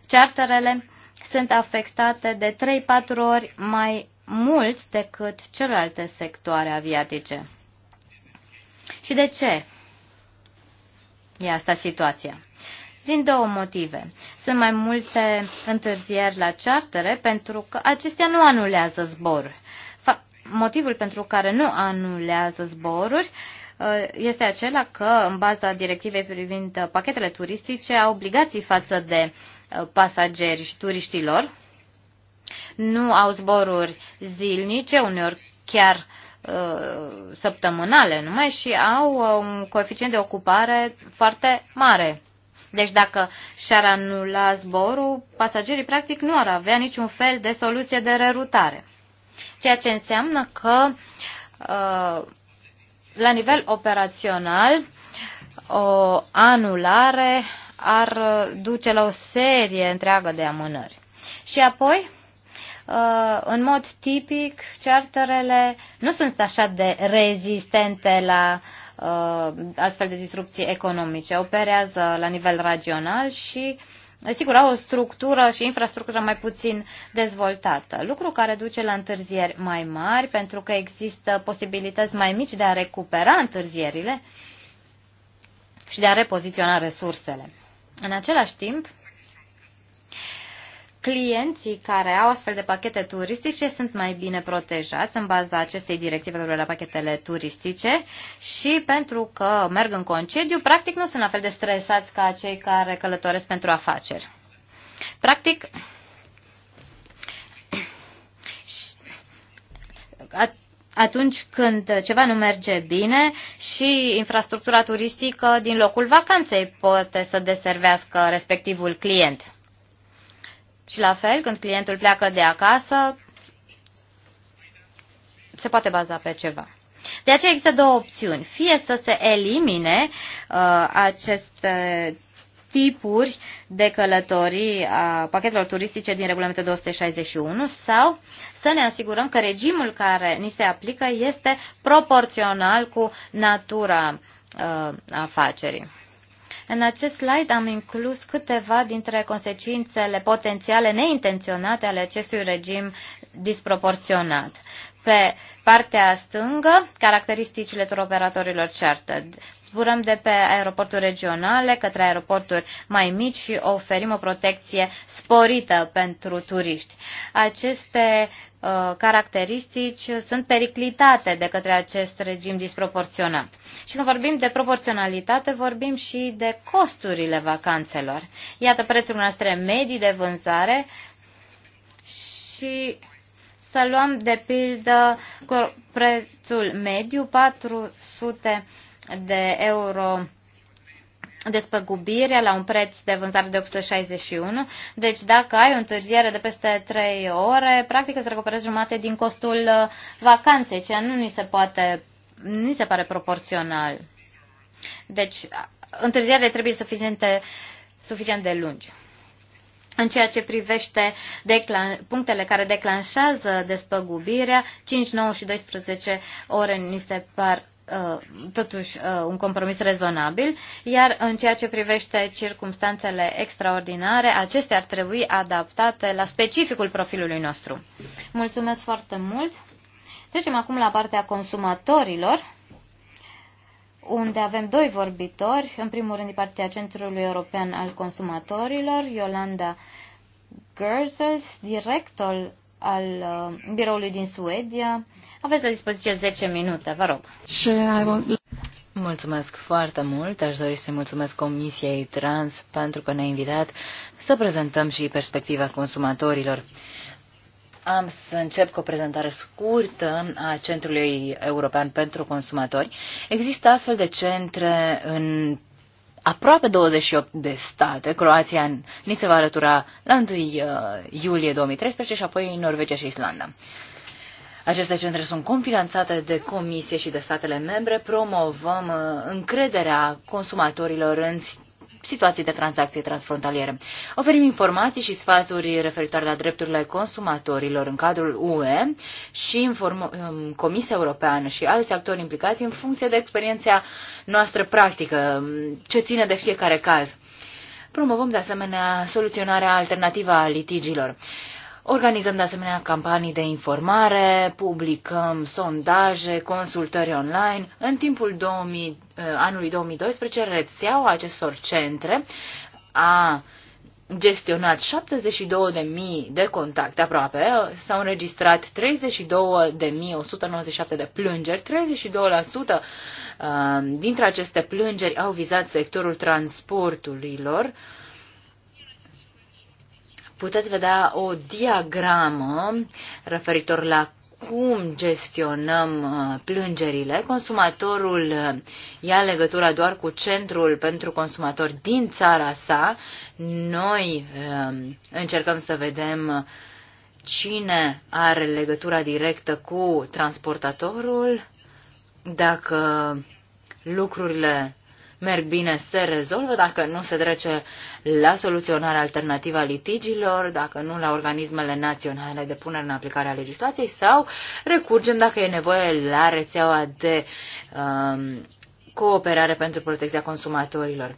Charterele sunt afectate de 3-4 ori mai mult decât celelalte sectoare aviatice. Și de ce? E asta situația. Din două motive. Sunt mai multe întârzieri la chartere pentru că acestea nu anulează zboruri. Motivul pentru care nu anulează zboruri uh, este acela că, în baza directivei privind uh, pachetele turistice, au obligații față de uh, pasageri și turiștilor. Nu au zboruri zilnice, uneori chiar uh, Uh, săptămânale numai și au un um, coeficient de ocupare foarte mare. Deci dacă și-ar anula zborul, pasagerii practic nu ar avea niciun fel de soluție de rerutare. Ceea ce înseamnă că uh, la nivel operațional o anulare ar duce la o serie întreagă de amânări. Și apoi Uh, în mod tipic, charterele nu sunt așa de rezistente la uh, astfel de disrupții economice. Operează la nivel regional și Sigur, au o structură și infrastructură mai puțin dezvoltată, lucru care duce la întârzieri mai mari, pentru că există posibilități mai mici de a recupera întârzierile și de a repoziționa resursele. În același timp, clienții care au astfel de pachete turistice sunt mai bine protejați în baza acestei directive pe la pachetele turistice și pentru că merg în concediu, practic nu sunt la fel de stresați ca cei care călătoresc pentru afaceri. Practic, atunci când ceva nu merge bine și infrastructura turistică din locul vacanței poate să deservească respectivul client. Și la fel, când clientul pleacă de acasă, se poate baza pe ceva. De aceea există două opțiuni. Fie să se elimine uh, aceste tipuri de călătorii a uh, pachetelor turistice din regulamentul 261 sau să ne asigurăm că regimul care ni se aplică este proporțional cu natura uh, afacerii. În acest slide am inclus câteva dintre consecințele potențiale neintenționate ale acestui regim disproporționat. Pe partea stângă, caracteristicile turoperatorilor charter. Zburăm de pe aeroporturi regionale către aeroporturi mai mici și oferim o protecție sporită pentru turiști aceste uh, caracteristici sunt periclitate de către acest regim disproporționat. Și când vorbim de proporționalitate, vorbim și de costurile vacanțelor. Iată prețul noastre medii de vânzare și să luăm de pildă prețul mediu 400 de euro despăgubire la un preț de vânzare de 861. Deci dacă ai o întârziere de peste 3 ore, practic îți recuperezi jumate din costul uh, vacanței, ceea nu ni se poate, nu ni se pare proporțional. Deci întârzierile trebuie suficiente, suficient de lungi. În ceea ce privește punctele care declanșează despăgubirea, 5, 9 și 12 ore ni se par Uh, totuși uh, un compromis rezonabil, iar în ceea ce privește circumstanțele extraordinare, acestea ar trebui adaptate la specificul profilului nostru. Mulțumesc foarte mult! Trecem acum la partea consumatorilor, unde avem doi vorbitori, în primul rând din partea Centrului European al Consumatorilor, Iolanda Gerzels, directorul al uh, biroului din Suedia. Aveți la dispoziție 10 minute, vă rog. Mulțumesc foarte mult. Aș dori să mulțumesc Comisiei Trans pentru că ne-a invitat să prezentăm și perspectiva consumatorilor. Am să încep cu o prezentare scurtă a Centrului European pentru Consumatori. Există astfel de centre în aproape 28 de state. Croația ni se va alătura la 1 uh, iulie 2013 și apoi Norvegia și Islanda. Aceste centre sunt confinanțate de Comisie și de statele membre. Promovăm uh, încrederea consumatorilor în situații de tranzacție transfrontaliere. Oferim informații și sfaturi referitoare la drepturile consumatorilor în cadrul UE și inform- um, Comisia Europeană și alți actori implicați în funcție de experiența noastră practică, um, ce ține de fiecare caz. Promovăm de asemenea soluționarea alternativă a litigilor. Organizăm de asemenea campanii de informare, publicăm sondaje, consultări online. În timpul 2000, eh, anului 2012, rețeaua acestor centre a gestionat 72.000 de contacte aproape, s-au înregistrat 32.197 de plângeri, 32% eh, dintre aceste plângeri au vizat sectorul transporturilor, puteți vedea o diagramă referitor la cum gestionăm uh, plângerile. Consumatorul uh, ia legătura doar cu centrul pentru consumatori din țara sa. Noi um, încercăm să vedem uh, cine are legătura directă cu transportatorul, dacă lucrurile merg bine se rezolvă, dacă nu se trece la soluționarea alternativă a litigilor, dacă nu la organismele naționale de punere în aplicare a legislației sau recurgem dacă e nevoie la rețeaua de um, cooperare pentru protecția consumatorilor.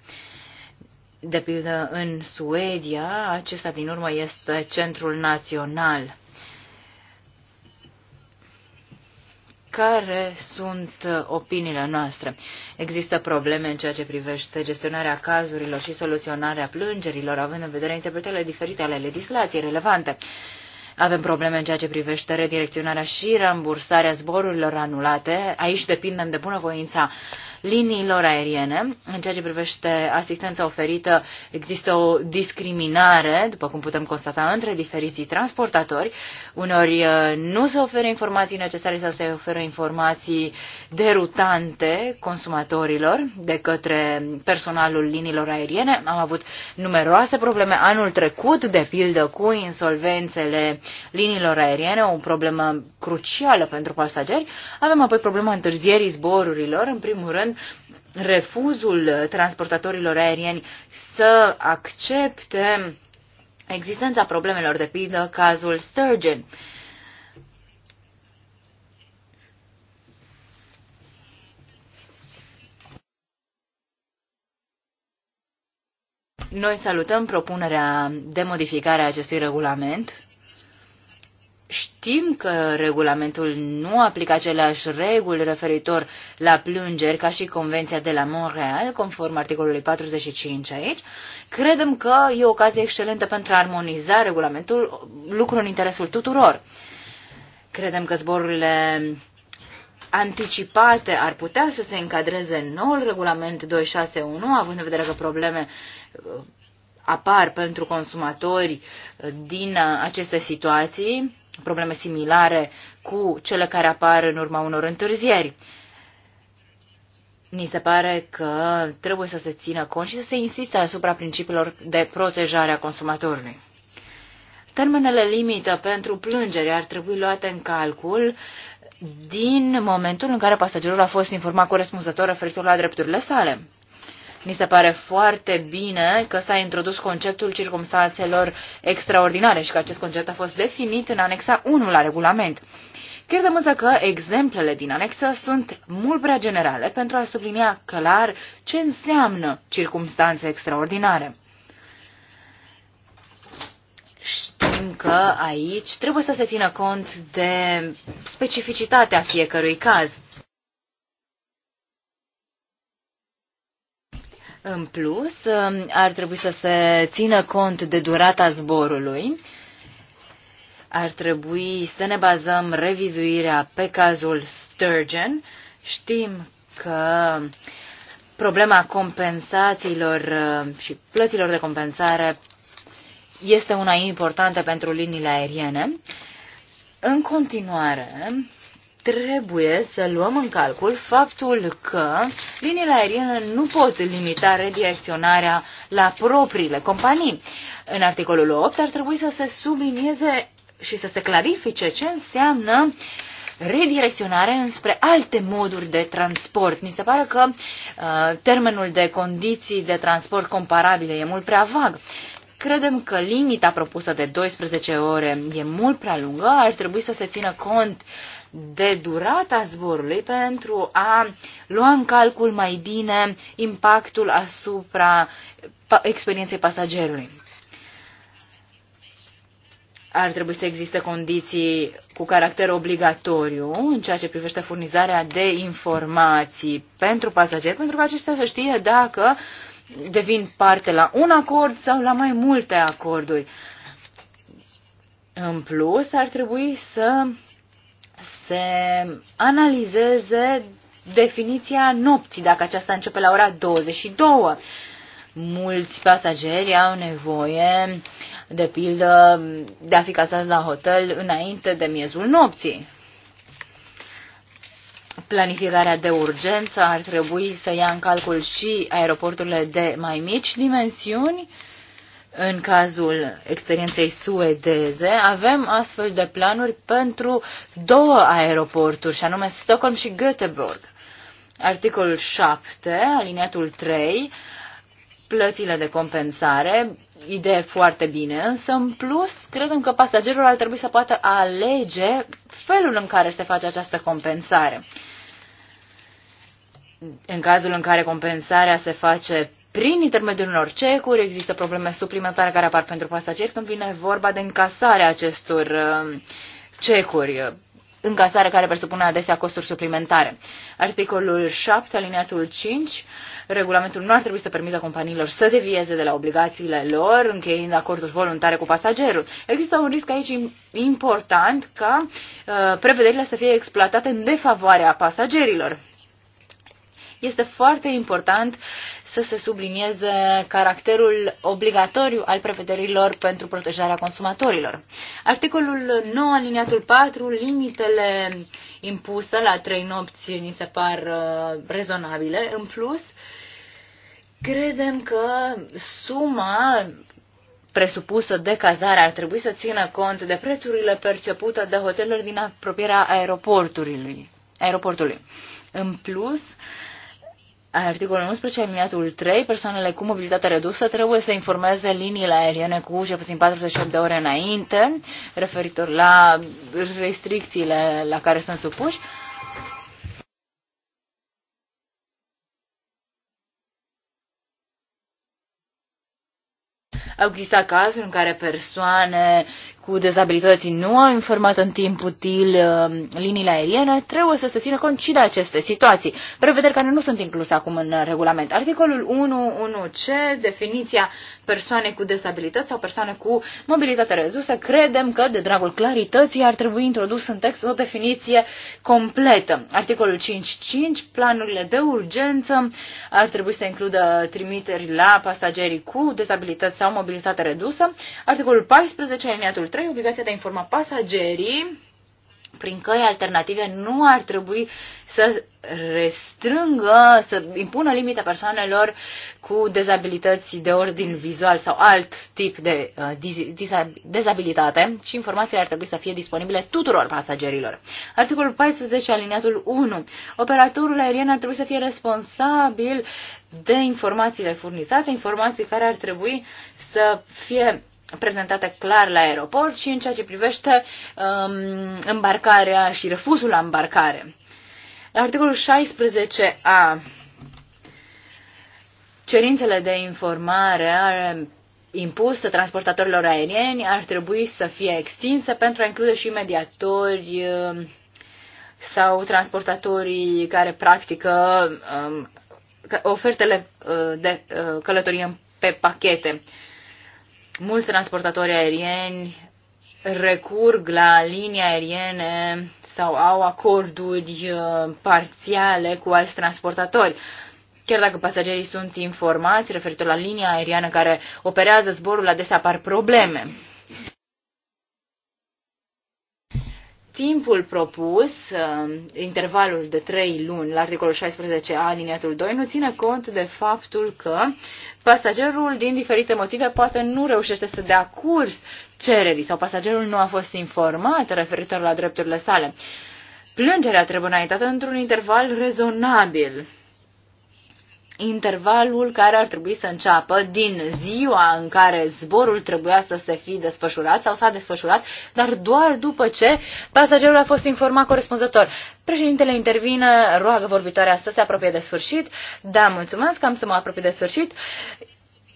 De pildă, în Suedia, acesta din urmă este centrul național care sunt uh, opiniile noastre. Există probleme în ceea ce privește gestionarea cazurilor și soluționarea plângerilor, având în vedere interpretările diferite ale legislației relevante. Avem probleme în ceea ce privește redirecționarea și rambursarea zborurilor anulate. Aici depindem de bunăvoința liniilor aeriene. În ceea ce privește asistența oferită, există o discriminare, după cum putem constata, între diferiții transportatori. Uneori uh, nu se oferă informații necesare sau se oferă informații derutante consumatorilor de către personalul liniilor aeriene. Am avut numeroase probleme anul trecut, de pildă, cu insolvențele liniilor aeriene, o problemă crucială pentru pasageri. Avem apoi problema întârzierii zborurilor, în primul rând, refuzul transportatorilor aerieni să accepte existența problemelor, de pildă cazul Sturgeon. Noi salutăm propunerea de modificare a acestui regulament Știm că regulamentul nu aplică aceleași reguli referitor la plângeri ca și Convenția de la Montreal, conform articolului 45 aici. Credem că e o ocazie excelentă pentru a armoniza regulamentul, lucru în interesul tuturor. Credem că zborurile anticipate ar putea să se încadreze în noul regulament 261, având în vedere că probleme uh, apar pentru consumatori uh, din uh, aceste situații probleme similare cu cele care apar în urma unor întârzieri. Ni se pare că trebuie să se țină cont și să se insiste asupra principiilor de protejare a consumatorului. Termenele limită pentru plângere ar trebui luate în calcul din momentul în care pasagerul a fost informat corespunzător referitor la drepturile sale. Mi se pare foarte bine că s-a introdus conceptul circumstanțelor extraordinare și că acest concept a fost definit în anexa 1 la regulament. Credem însă că exemplele din anexă sunt mult prea generale pentru a sublinia clar ce înseamnă circumstanțe extraordinare. Știm că aici trebuie să se țină cont de specificitatea fiecărui caz. În plus, um, ar trebui să se țină cont de durata zborului. Ar trebui să ne bazăm revizuirea pe cazul Sturgeon. Știm că problema compensațiilor uh, și plăților de compensare este una importantă pentru liniile aeriene. În continuare, trebuie să luăm în calcul faptul că liniile aeriene nu pot limita redirecționarea la propriile companii. În articolul 8 ar trebui să se sublinieze și să se clarifice ce înseamnă redirecționare înspre alte moduri de transport. Mi se pare că uh, termenul de condiții de transport comparabile e mult prea vag. Uh, Credem că limita propusă de 12 ore e mult prea lungă, ar trebui să se țină cont de durata zborului pentru a lua în calcul mai bine impactul asupra experienței pasagerului. Ar trebui să existe condiții cu caracter obligatoriu în ceea ce privește furnizarea de informații pentru pasageri, pentru că acestea să știe dacă uh, devin parte la un acord sau la mai multe acorduri. În plus, ar trebui să se analizeze definiția nopții, dacă aceasta începe la ora 22. Mulți pasageri au nevoie, de pildă, de a fi cazați la hotel înainte de miezul nopții planificarea de urgență ar trebui să ia în calcul și aeroporturile de mai mici dimensiuni. În cazul experienței suedeze, avem astfel de planuri pentru două aeroporturi, și anume Stockholm și Göteborg. Articolul 7, aliniatul 3, plățile de compensare, idee foarte bine, însă în plus credem că pasagerul ar trebui să poată alege felul în care se face această compensare în cazul în care compensarea se face prin intermediul unor cecuri, există probleme suplimentare care apar pentru pasageri când vine vorba de încasarea acestor um, cecuri, încasare care presupune adesea costuri suplimentare. Articolul 7, aliniatul 5, regulamentul nu ar trebui să permită companiilor să devieze de la obligațiile lor, încheiind acorduri voluntare cu pasagerul. Există un risc aici important ca uh, prevederile să fie exploatate în defavoarea pasagerilor este foarte important să se sublinieze caracterul obligatoriu al prevederilor pentru protejarea consumatorilor. Articolul 9, aliniatul 4, limitele impuse la trei nopți ni se par uh, rezonabile. În plus, credem că suma presupusă de cazare ar trebui să țină cont de prețurile percepute de hoteluri din apropierea aeroportului. aeroportului. În plus, uh, Articolul 11, aliniatul 3, persoanele cu mobilitate redusă trebuie să informeze liniile aeriene cu cel puțin 48 de ore înainte, referitor la restricțiile la care sunt supuși. Au existat cazuri în care persoane cu dezabilități nu au informat în timp util uh, liniile aeriene, trebuie să se țină cont și de aceste situații, prevederi care nu sunt incluse acum în regulament. Articolul 1.1c, definiția persoane cu dezabilități sau persoane cu mobilitate redusă, credem că, de dragul clarității, ar trebui introdus în text o definiție completă. Articolul 5.5, planurile de urgență ar trebui să includă trimiteri la pasagerii cu dezabilități sau mobilitate redusă. Articolul 14, aliniatul 3, obligația de a informa pasagerii prin căi alternative nu ar trebui să restrângă, să impună limite persoanelor cu dezabilități de ordin vizual sau alt tip de uh, dezabilitate și informațiile ar trebui să fie disponibile tuturor pasagerilor. Articolul 14, aliniatul 1. Operatorul aerian ar trebui să fie responsabil de informațiile furnizate, informații care ar trebui să fie prezentate clar la aeroport și în ceea ce privește um, îmbarcarea și refuzul la îmbarcare. La articolul 16a, cerințele de informare impusă transportatorilor aerieni ar trebui să fie extinse pentru a include și mediatori um, sau transportatorii care practică um, ofertele uh, de uh, călătorie pe pachete mulți transportatori aerieni recurg la linii aeriene sau au acorduri uh, parțiale cu alți transportatori. Chiar dacă pasagerii sunt informați referitor la linia aeriană care operează zborul, adesea apar probleme. timpul propus, uh, intervalul de 3 luni la articolul 16 a aliniatul 2, nu ține cont de faptul că pasagerul din diferite motive poate nu reușește să dea curs cererii sau pasagerul nu a fost informat referitor la drepturile sale. Plângerea trebuie înaintată într-un interval rezonabil intervalul care ar trebui să înceapă din ziua în care zborul trebuia să se fi desfășurat sau s-a desfășurat, dar doar după ce pasagerul a fost informat corespunzător. Președintele intervine, roagă vorbitoarea să se apropie de sfârșit. Da, mulțumesc, am să mă apropie de sfârșit.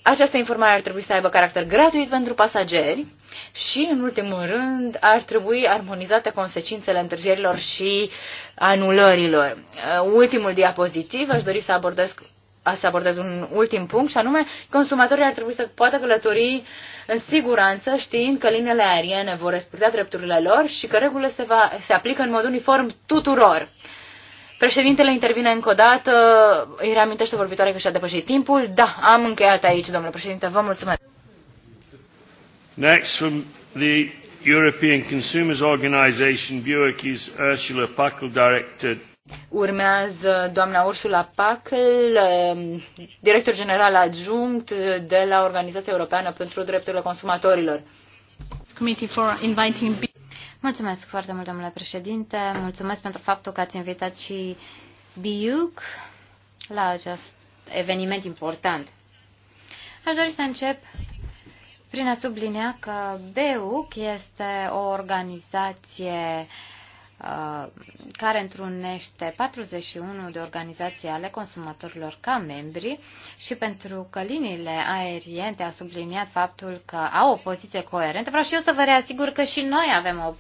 Această informare ar trebui să aibă caracter gratuit pentru pasageri și, în ultimul rând, ar trebui armonizate consecințele întârzierilor și anulărilor. Uh, ultimul diapozitiv, aș dori să abordez să abordez un ultim punct, și anume, consumatorii ar trebui să poată călători în siguranță, știind că linele aeriene vor respecta drepturile lor și că regulile se, va, se aplică în mod uniform tuturor. Președintele intervine încă o dată, îi reamintește vorbitoare că și-a depășit timpul. Da, am încheiat aici, domnule președinte, vă mulțumesc. Next from the European Consumers Organization, Buick is Ursula Packel, Director Urmează doamna Ursula Pacl, um, director general adjunct de la Organizația Europeană pentru Drepturile Consumatorilor. Mulțumesc foarte mult, domnule președinte. Mulțumesc pentru faptul că ați invitat și BIUC la acest eveniment important. Aș dori să încep prin a sublinea că BEUC este o organizație uh, Uh, care întrunește 41 de organizații ale consumatorilor ca membri și pentru că liniile aeriene a subliniat faptul că au o poziție coerentă, vreau și eu să vă reasigur că și noi avem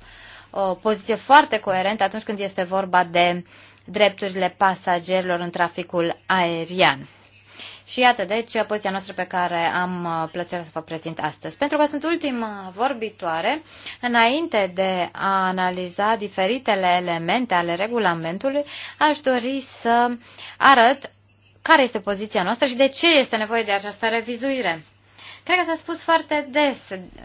o, o poziție foarte coerentă atunci când este vorba de drepturile pasagerilor în traficul aerian. Și iată, deci, poziția noastră pe care am uh, plăcerea să vă prezint astăzi. Pentru că sunt ultima vorbitoare, înainte de a analiza diferitele elemente ale regulamentului, aș dori să arăt care este poziția noastră și de ce este nevoie de această revizuire. Cred că s-a spus foarte des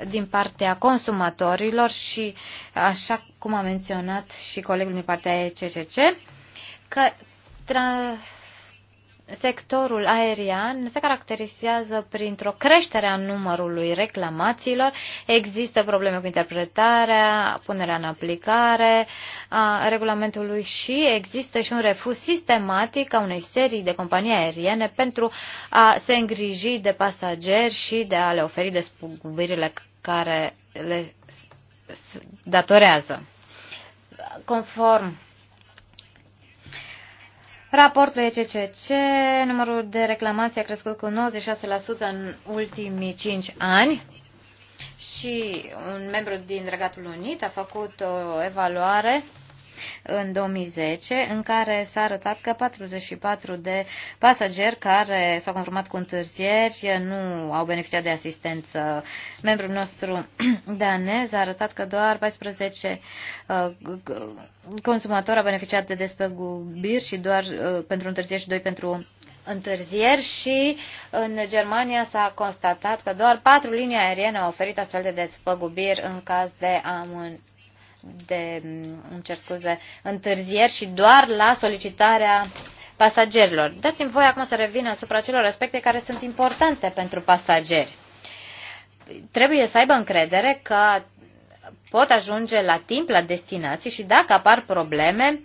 din partea consumatorilor și, așa cum a menționat și colegul din partea ECCC, că tra- sectorul aerian se caracterizează printr-o creștere a numărului reclamațiilor. Există probleme cu interpretarea, punerea în aplicare a regulamentului și există și un refuz sistematic a unei serii de companii aeriene pentru a se îngriji de pasageri și de a le oferi despăgubirile care le datorează. Conform Raportul ECCC, numărul de reclamații a crescut cu 96% în ultimii 5 ani și un membru din Regatul Unit a făcut o evaluare în 2010, în care s-a arătat că 44 de pasageri care s-au confirmat cu întârzieri nu au beneficiat de asistență. Membrul nostru danez a arătat că doar 14 uh, consumatori au beneficiat de despăgubiri și doar uh, pentru întârzieri și doi pentru întârzieri și în Germania s-a constatat că doar patru linii aeriene au oferit astfel de despăgubiri în caz de amân de, îmi cer scuze, întârzieri și doar la solicitarea pasagerilor. Dați-mi voi acum să revin asupra celor aspecte care sunt importante pentru pasageri. Trebuie să aibă încredere că pot ajunge la timp la destinații și dacă apar probleme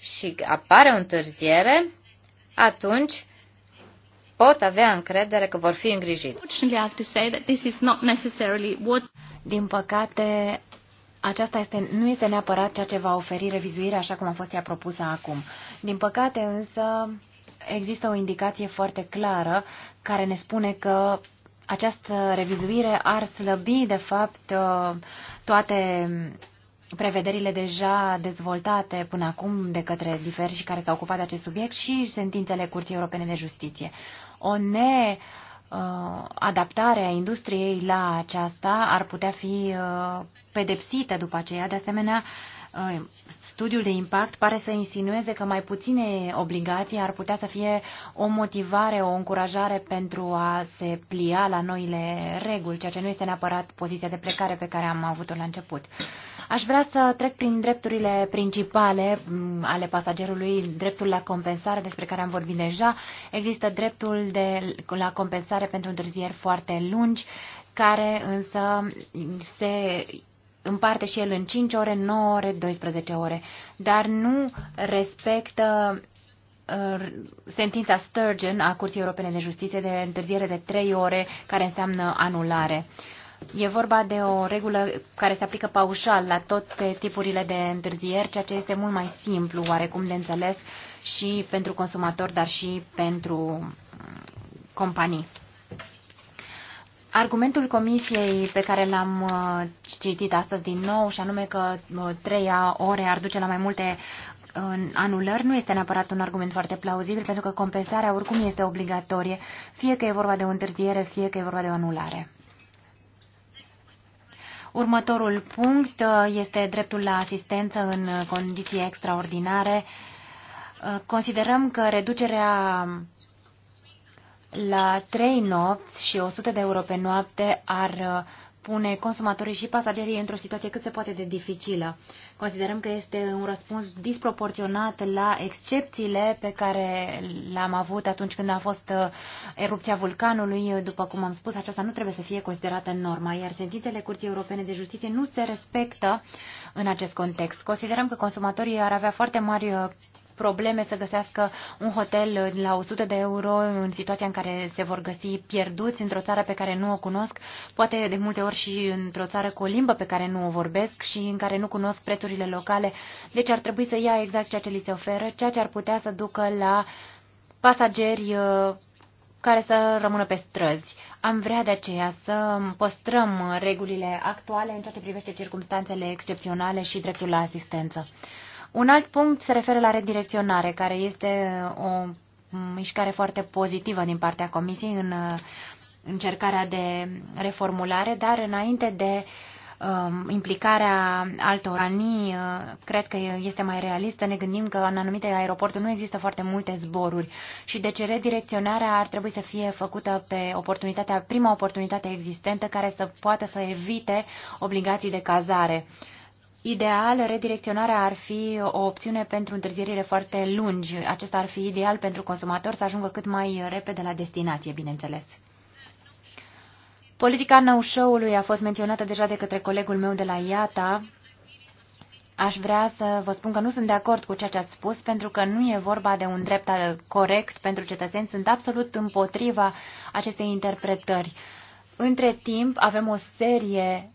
și apare o întârziere, atunci pot avea încredere că vor fi îngrijiți. Din păcate, aceasta este, nu este neapărat ceea ce va oferi revizuirea așa cum a fost ea propusă acum. Din păcate însă există o indicație foarte clară care ne spune că această revizuire ar slăbi de fapt toate prevederile deja dezvoltate până acum de către diferi și care s-au ocupat de acest subiect și sentințele Curții Europene de Justiție. O ne Uh, adaptarea industriei la aceasta ar putea fi uh, pedepsită după aceea. De asemenea, studiul de impact pare să insinueze că mai puține obligații ar putea să fie o motivare, o încurajare pentru a se plia la noile reguli, ceea ce nu este neapărat poziția de plecare pe care am avut-o la început. Aș vrea să trec prin drepturile principale mm, ale pasagerului, dreptul la compensare despre care am vorbit deja. Există dreptul de, la compensare pentru întârzieri foarte lungi, care însă se împarte și el în 5 ore, 9 ore, 12 ore, dar nu respectă uh, sentința Sturgeon a Curții Europene de Justiție de întârziere de 3 ore, care înseamnă anulare. E vorba de o regulă care se aplică paușal la toate tipurile de întârzieri, ceea ce este mult mai simplu, oarecum de înțeles, și pentru consumator, dar și pentru mm, companii. Argumentul comisiei pe care l-am uh, citit astăzi din nou, și anume că uh, treia ore ar duce la mai multe anulări, nu este neapărat un argument foarte plauzibil, pentru că compensarea oricum este obligatorie, fie că e vorba de o întârziere, fie că e vorba de o anulare. Următorul punct uh, este dreptul la asistență în condiții extraordinare. Considerăm că reducerea la trei nopți și 100 de euro pe noapte ar uh, pune consumatorii și pasagerii într-o situație cât se poate de dificilă. Considerăm că este un răspuns disproporționat la excepțiile pe care le-am avut atunci când a fost uh, erupția vulcanului. După cum am spus, aceasta nu trebuie să fie considerată norma, iar sentințele Curții Europene de Justiție nu se respectă în acest context. Considerăm că consumatorii ar avea foarte mari uh, probleme să găsească un hotel la 100 de euro în situația în care se vor găsi pierduți într-o țară pe care nu o cunosc, poate de multe ori și într-o țară cu o limbă pe care nu o vorbesc și în care nu cunosc prețurile locale. Deci ar trebui să ia exact ceea ce li se oferă, ceea ce ar putea să ducă la pasageri uh, care să rămână pe străzi. Am vrea de aceea să păstrăm regulile actuale în ceea ce privește circumstanțele excepționale și dreptul la asistență. Un alt punct se referă la redirecționare, care este uh, o mișcare foarte pozitivă din partea Comisiei în uh, încercarea de reformulare, dar înainte de um, implicarea altor anii, uh, cred că este mai realist să ne gândim că în anumite aeroporturi nu există foarte multe zboruri și de deci ce redirecționarea ar trebui să fie făcută pe oportunitatea, prima oportunitate existentă care să poată să evite obligații de cazare. Uh, Ideal, redirecționarea ar fi o opțiune pentru întârzierile foarte lungi. Acesta ar fi ideal pentru consumator să ajungă cât mai repede la destinație, bineînțeles. Politica nou show ului a fost menționată deja de către colegul meu de la IATA. Aș vrea să vă spun că nu sunt de acord cu ceea ce ați spus, pentru că nu e vorba de un drept corect pentru cetățeni. Sunt absolut împotriva acestei interpretări. Între timp, avem o serie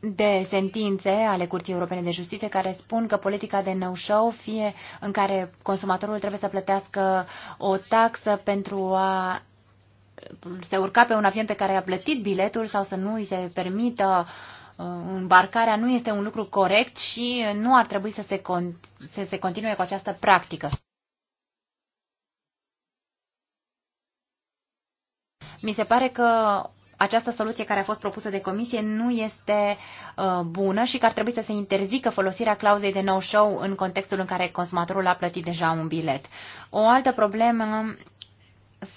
de sentințe ale Curții Europene de Justiție care spun că politica de no-show, fie în care consumatorul trebuie să plătească o taxă pentru a se urca pe un avion pe care a plătit biletul sau să nu îi se permită uh, îmbarcarea, nu este un lucru corect și nu ar trebui să se, con- să se continue cu această practică. Mi se pare că această soluție care a fost propusă de comisie nu este uh, bună și că ar trebui să se interzică folosirea clauzei de no-show în contextul în care consumatorul a plătit deja un bilet. O altă problemă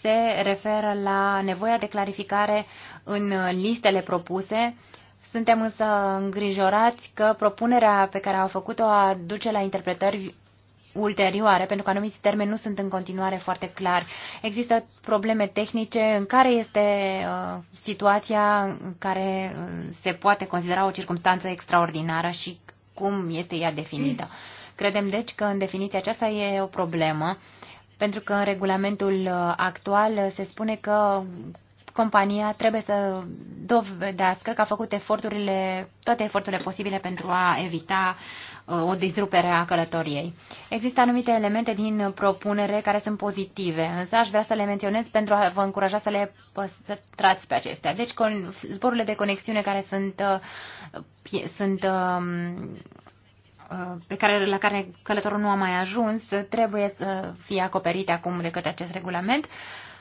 se referă la nevoia de clarificare în listele propuse. Suntem însă îngrijorați că propunerea pe care au făcut-o aduce la interpretări ulterioare, pentru că anumiți termeni nu sunt în continuare foarte clari. Există probleme tehnice în care este uh, situația în care uh, se poate considera o circunstanță extraordinară și cum este ea definită. Credem deci că în definiția aceasta e o problemă, pentru că în regulamentul uh, actual se spune că compania trebuie să dovedească că a făcut eforturile, toate eforturile posibile pentru a evita uh, Uh, o distrupere a călătoriei. Există anumite elemente din propunere care sunt pozitive, însă aș vrea să le menționez pentru a vă încuraja să le păstrați pe acestea. Deci zborurile de conexiune care sunt, uh, sunt um, uh, pe care, la care călătorul nu a mai ajuns trebuie să fie acoperite acum de către acest regulament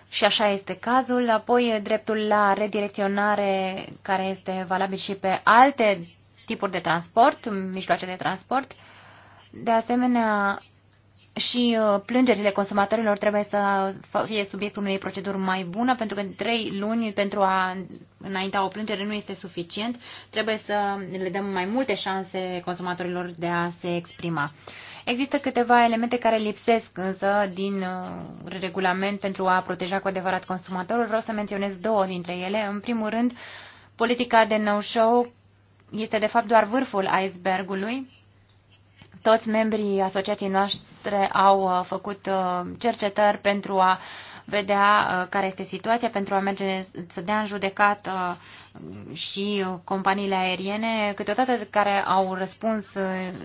și așa este cazul. Apoi dreptul la redirecționare care este valabil și pe alte tipuri de transport, mijloace de transport. De asemenea, și uh, plângerile consumatorilor trebuie să fie subiectul unei proceduri mai bună, pentru că trei luni pentru a înainta o plângere nu este suficient. Trebuie să le dăm mai multe șanse consumatorilor de a se exprima. Există câteva elemente care lipsesc însă din uh, regulament pentru a proteja cu adevărat consumatorul. Vreau să menționez două dintre ele. În primul rând, politica de no-show este de fapt doar vârful icebergului. Toți membrii asociației noastre au uh, făcut uh, cercetări pentru a vedea uh, care este situația, pentru a merge să dea în judecat și companiile aeriene, câteodată care au răspuns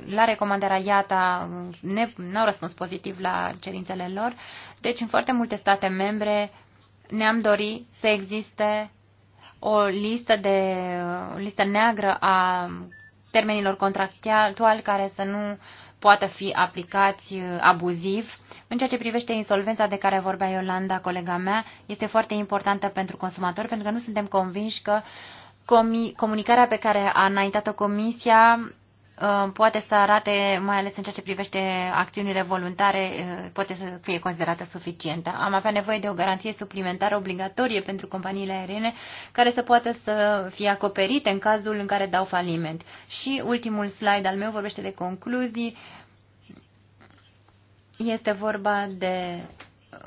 la recomandarea IATA, n-au răspuns pozitiv la cerințele lor. Deci, în foarte multe state membre ne-am dorit să existe o listă, de, o listă neagră a termenilor contractuali care să nu poată fi aplicați uh, abuziv. În ceea ce privește insolvența de care vorbea Iolanda, colega mea, este foarte importantă pentru consumatori, pentru că nu suntem convinși că comunicarea pe care a înaintat-o Comisia Uh, poate să arate, mai ales în ceea ce privește acțiunile voluntare, uh, poate să fie considerată suficientă. Am avea nevoie de o garanție suplimentară obligatorie pentru companiile aeriene care să poată să fie acoperite în cazul în care dau faliment. Și ultimul slide al meu vorbește de concluzii. Este vorba de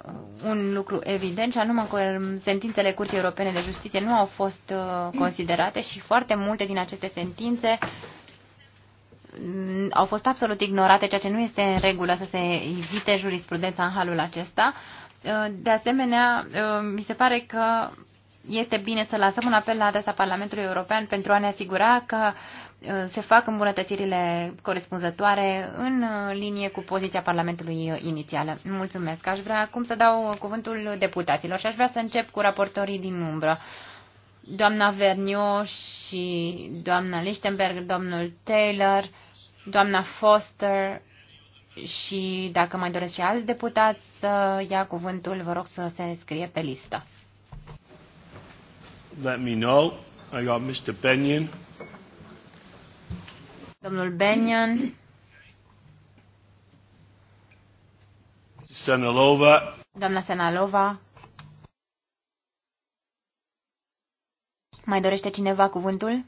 uh, un lucru evident și anume că sentințele Curții Europene de Justiție nu au fost considerate și foarte multe din aceste sentințe au fost absolut ignorate, ceea ce nu este în regulă să se evite jurisprudența în halul acesta. Uh, de asemenea, uh, mi se pare că este bine să lansăm un apel la adresa Parlamentului European pentru a ne asigura că uh, se fac îmbunătățirile corespunzătoare în linie cu poziția Parlamentului inițială. Mulțumesc. Aș vrea acum să dau cuvântul deputaților și aș vrea să încep cu raportorii din umbră doamna Vernio și doamna Lichtenberg, domnul Taylor, doamna Foster și dacă mai doresc și alți deputați să ia cuvântul, vă rog să se scrie pe listă. Let me know. I got Mr. Benyon. Domnul Benyon. Senalova. Doamna Senalova. Mai dorește cineva cuvântul?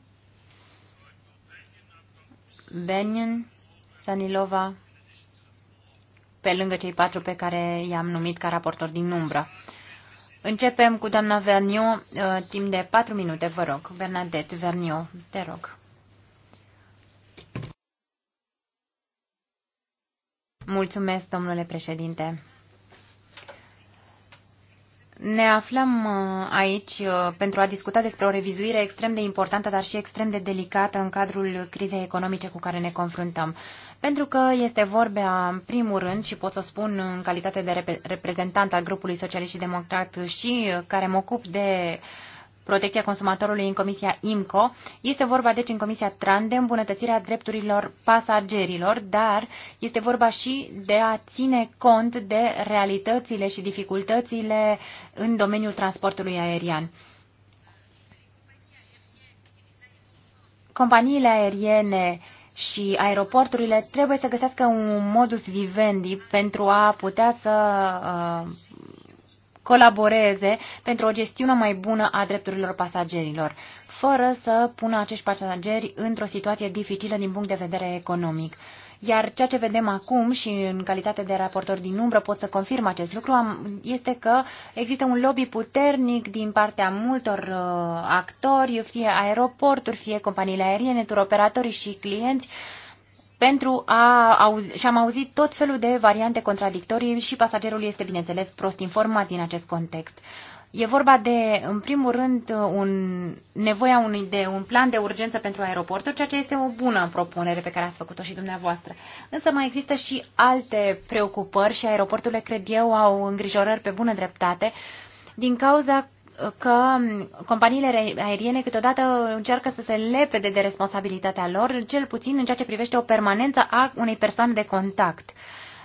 Benin, Sanilova, pe lângă cei patru pe care i-am numit ca raportor din umbră. Începem cu doamna Verniu, uh, timp de patru minute, vă rog. Bernadette Verniu, te rog. Mulțumesc, domnule președinte. Ne aflăm uh, aici uh, pentru a discuta despre o revizuire extrem de importantă, dar și extrem de delicată în cadrul crizei economice cu care ne confruntăm. Pentru că este vorba, în primul rând, și pot să spun în calitate de reprezentant al grupului socialist și democrat și uh, care mă ocup de uh, protecția consumatorului în Comisia IMCO. Este vorba deci în Comisia TRAN de îmbunătățirea drepturilor pasagerilor, dar este vorba și de a ține cont de realitățile și dificultățile în domeniul transportului aerian. Companiile aeriene și aeroporturile trebuie să găsească un modus vivendi pentru a putea să uh, colaboreze pentru o gestiune mai bună a drepturilor pasagerilor, fără să pună acești pasageri într-o situație dificilă din punct de vedere economic. Iar ceea ce vedem acum și în calitate de raportor din umbră pot să confirm acest lucru este că există un lobby puternic din partea multor uh, actori, fie aeroporturi, fie companiile aeriene, turoperatorii și clienți, pentru a auzi, și am auzit tot felul de variante contradictorii și pasagerul este, bineînțeles, prost informat din acest context. E vorba de, în primul rând, un, nevoia unui, de un plan de urgență pentru aeroportul, ceea ce este o bună propunere pe care ați făcut-o și dumneavoastră. Însă mai există și alte preocupări și aeroporturile, cred eu, au îngrijorări pe bună dreptate din cauza că companiile aeriene câteodată încearcă să se lepede de responsabilitatea lor, cel puțin în ceea ce privește o permanență a unei persoane de contact. Uh,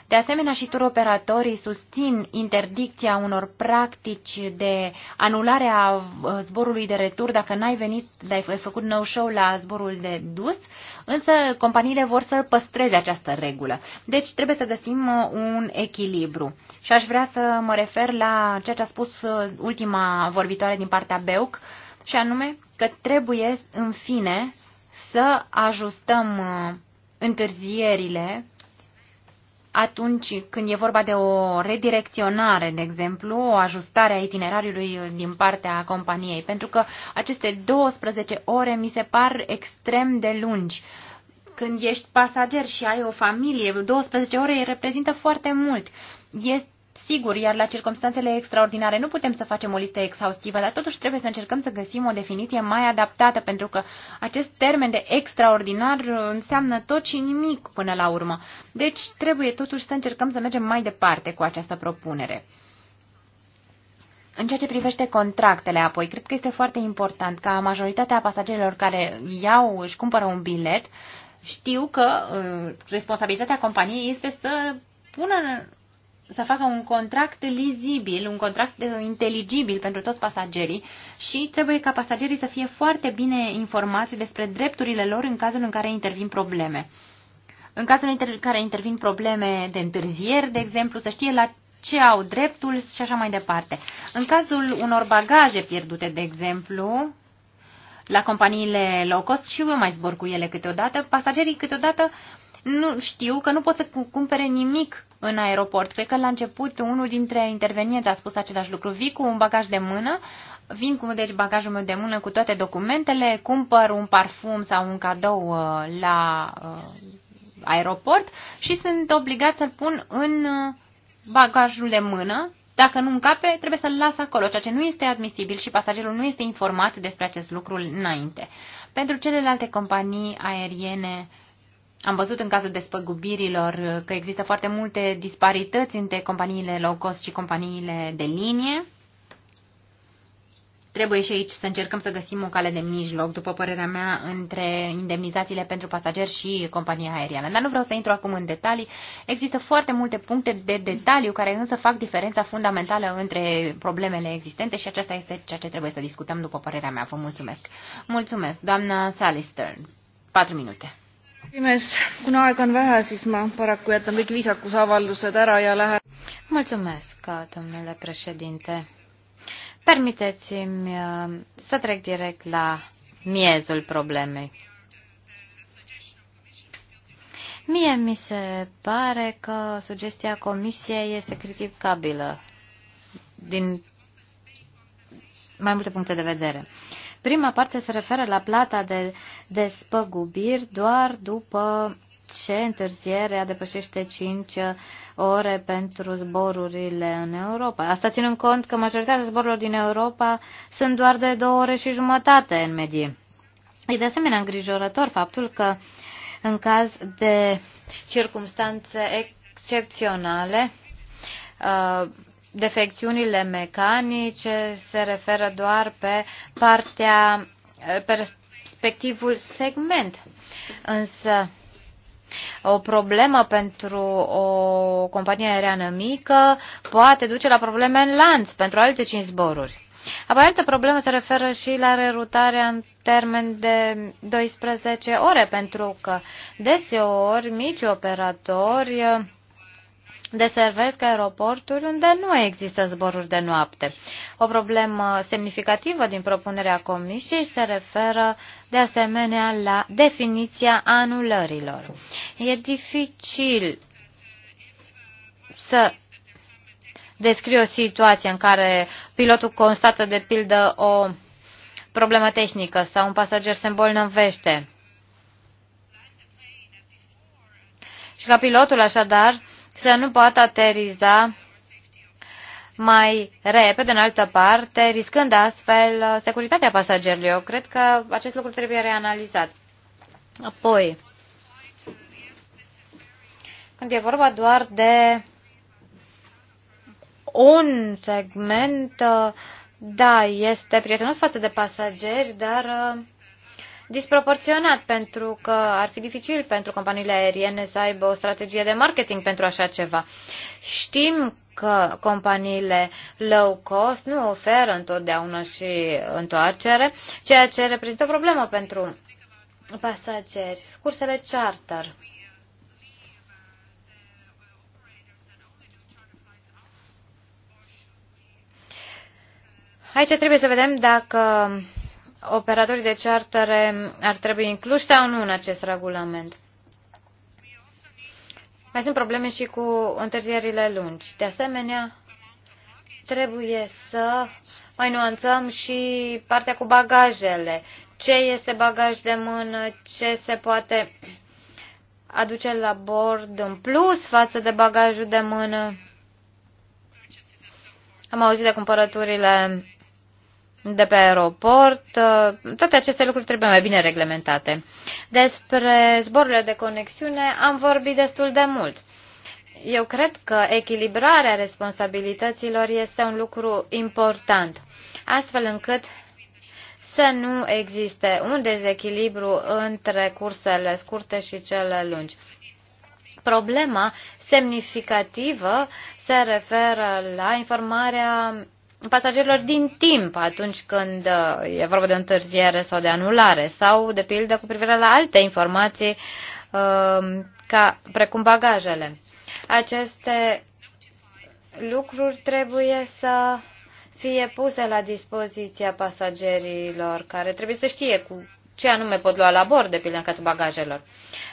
de asemenea, și turoperatorii susțin interdicția unor practici de anulare a uh, zborului de retur dacă n-ai venit, ai făcut nou show la zborul de dus, însă companiile vor să păstreze această regulă. Deci trebuie să găsim uh, un echilibru. Și aș vrea să mă refer la ceea ce a spus uh, ultima vorbitoare din partea BEUC, și anume că trebuie, în fine, să ajustăm întârzierile atunci când e vorba de o redirecționare, de exemplu, o ajustare a itinerariului din partea companiei, pentru că aceste 12 ore mi se par extrem de lungi. Când ești pasager și ai o familie, 12 ore reprezintă foarte mult. Este Sigur, iar la circumstanțele extraordinare nu putem să facem o listă exhaustivă, dar totuși trebuie să încercăm să găsim o definiție mai adaptată, pentru că acest termen de extraordinar înseamnă tot și nimic până la urmă. Deci trebuie totuși să încercăm să mergem mai departe cu această propunere. În ceea ce privește contractele, apoi, cred că este foarte important ca majoritatea pasagerilor care iau, își cumpără un bilet, știu că uh, responsabilitatea companiei este să pună să facă un contract lizibil, un contract uh, inteligibil pentru toți pasagerii și trebuie ca pasagerii să fie foarte bine informați despre drepturile lor în cazul în care intervin probleme. În cazul în care intervin probleme de întârzieri, de exemplu, să știe la ce au dreptul și așa mai departe. În cazul unor bagaje pierdute, de exemplu, la companiile low cost și eu mai zbor cu ele câteodată, pasagerii câteodată uh, nu știu că nu pot să cumpere nimic în aeroport. Cred că la început unul dintre intervenienți a spus același lucru. Vii cu un bagaj de mână, vin cu deci bagajul meu de mână cu toate documentele, cumpăr un parfum sau un cadou uh, la uh, aeroport și sunt obligat să-l pun în uh, bagajul de mână. Dacă nu încape, trebuie să-l las acolo, ceea ce nu este admisibil și pasagerul nu este informat despre acest lucru înainte. Pentru celelalte companii aeriene am văzut în cazul despăgubirilor că există foarte multe disparități între companiile low cost și companiile de linie. Trebuie și aici să încercăm să găsim o cale de mijloc, după părerea mea, între indemnizațiile pentru pasageri și compania aeriană. Dar nu vreau să intru acum în detalii. Există foarte multe puncte de detaliu care însă fac diferența fundamentală între problemele existente și aceasta este ceea ce trebuie să discutăm, după părerea mea. Vă mulțumesc. Mulțumesc, doamna Salister. Patru minute esimees, kuna aega on vähe, siis ma paraku jätan kõik viisakusavaldused ära ja lähen. Mulțumesc, domnule președinte. Permiteți-mi uh, să trec direct la miezul problemei. Mie mi se pare că sugestia comisiei este criticabilă din mai multe puncte de vedere. Prima parte se referă la plata de despăgubiri doar după ce întârzierea depășește 5 ore pentru zborurile în Europa. Asta ținând cont că majoritatea zborurilor din Europa sunt doar de 2 ore și jumătate în medie. E de asemenea îngrijorător faptul că în caz de circumstanțe excepționale, uh, defecțiunile mecanice se referă doar pe partea, pe respectivul segment. Însă, o problemă pentru o companie aeriană mică poate duce la probleme în lanț pentru alte cinci zboruri. Apoi altă problemă se referă și la rerutarea în termen de 12 ore, pentru că deseori mici operatori deservesc aeroporturi unde nu există zboruri de noapte. O problemă semnificativă din propunerea Comisiei se referă de asemenea la definiția anulărilor. E dificil să descrie o situație în care pilotul constată de pildă o problemă tehnică sau un pasager se îmbolnăvește. Și ca pilotul așadar să nu poată ateriza mai repede, în altă parte, riscând astfel uh, securitatea pasagerilor. Eu cred că acest lucru trebuie reanalizat. Apoi, când e vorba doar de un segment, uh, da, este prietenos față de pasageri, dar uh, disproporționat pentru că ar fi dificil pentru companiile aeriene să aibă o strategie de marketing pentru așa ceva. Știm că companiile low cost nu oferă întotdeauna și întoarcere, ceea ce reprezintă o problemă pentru pasageri. Cursele charter. Aici trebuie să vedem dacă operatorii de chartere ar trebui incluși sau nu în acest regulament. Mai sunt probleme și cu întârzierile lungi. De asemenea, trebuie să mai nuanțăm și partea cu bagajele. Ce este bagaj de mână, ce se poate aduce la bord în plus față de bagajul de mână. Am auzit de cumpărăturile de pe aeroport. Uh, toate aceste lucruri trebuie mai bine reglementate. Despre zborurile de conexiune am vorbit destul de mult. Eu cred că echilibrarea responsabilităților este un lucru important, astfel încât să nu existe un dezechilibru între cursele scurte și cele lungi. Problema semnificativă se referă la informarea pasagerilor din timp atunci când uh, e vorba de întârziere sau de anulare sau, de pildă, cu privire la alte informații uh, ca, precum bagajele. Aceste lucruri trebuie să fie puse la dispoziția pasagerilor care trebuie să știe cu ce anume pot lua la bord, de pildă, în cazul bagajelor.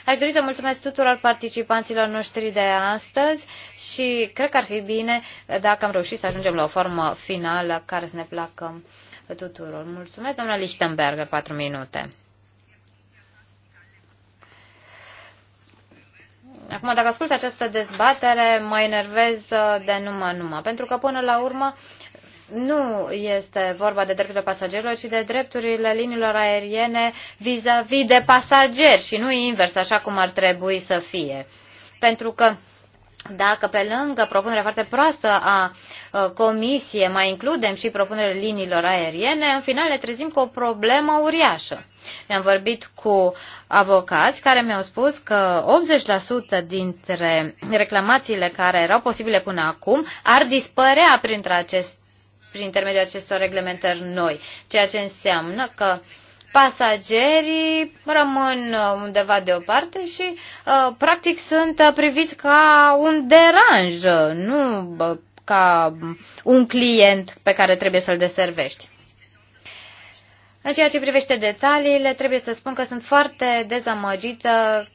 Aș dori să mulțumesc tuturor participanților noștri de astăzi și cred că ar fi bine dacă am reușit să ajungem la o formă finală care să ne placă tuturor. Mulțumesc, doamna Lichtenberger, 4 minute. Acum, dacă ascult această dezbatere, mă enervez de numă numă, pentru că până la urmă nu este vorba de drepturile pasagerilor, ci de drepturile liniilor aeriene vis-a-vis -vis de pasageri și nu invers, așa cum ar trebui să fie. Pentru că dacă pe lângă propunerea foarte proastă a comisie mai includem și propunerea liniilor aeriene, în final ne trezim cu o problemă uriașă. Mi-am vorbit cu avocați care mi-au spus că 80% dintre reclamațiile care erau posibile până acum ar dispărea printre acest prin intermediul acestor reglementări noi, ceea ce înseamnă că pasagerii rămân undeva deoparte și uh, practic sunt uh, priviți ca un deranj, nu ca un client pe care trebuie să-l deservești. În ceea ce privește detaliile, trebuie să spun că sunt foarte dezamăgită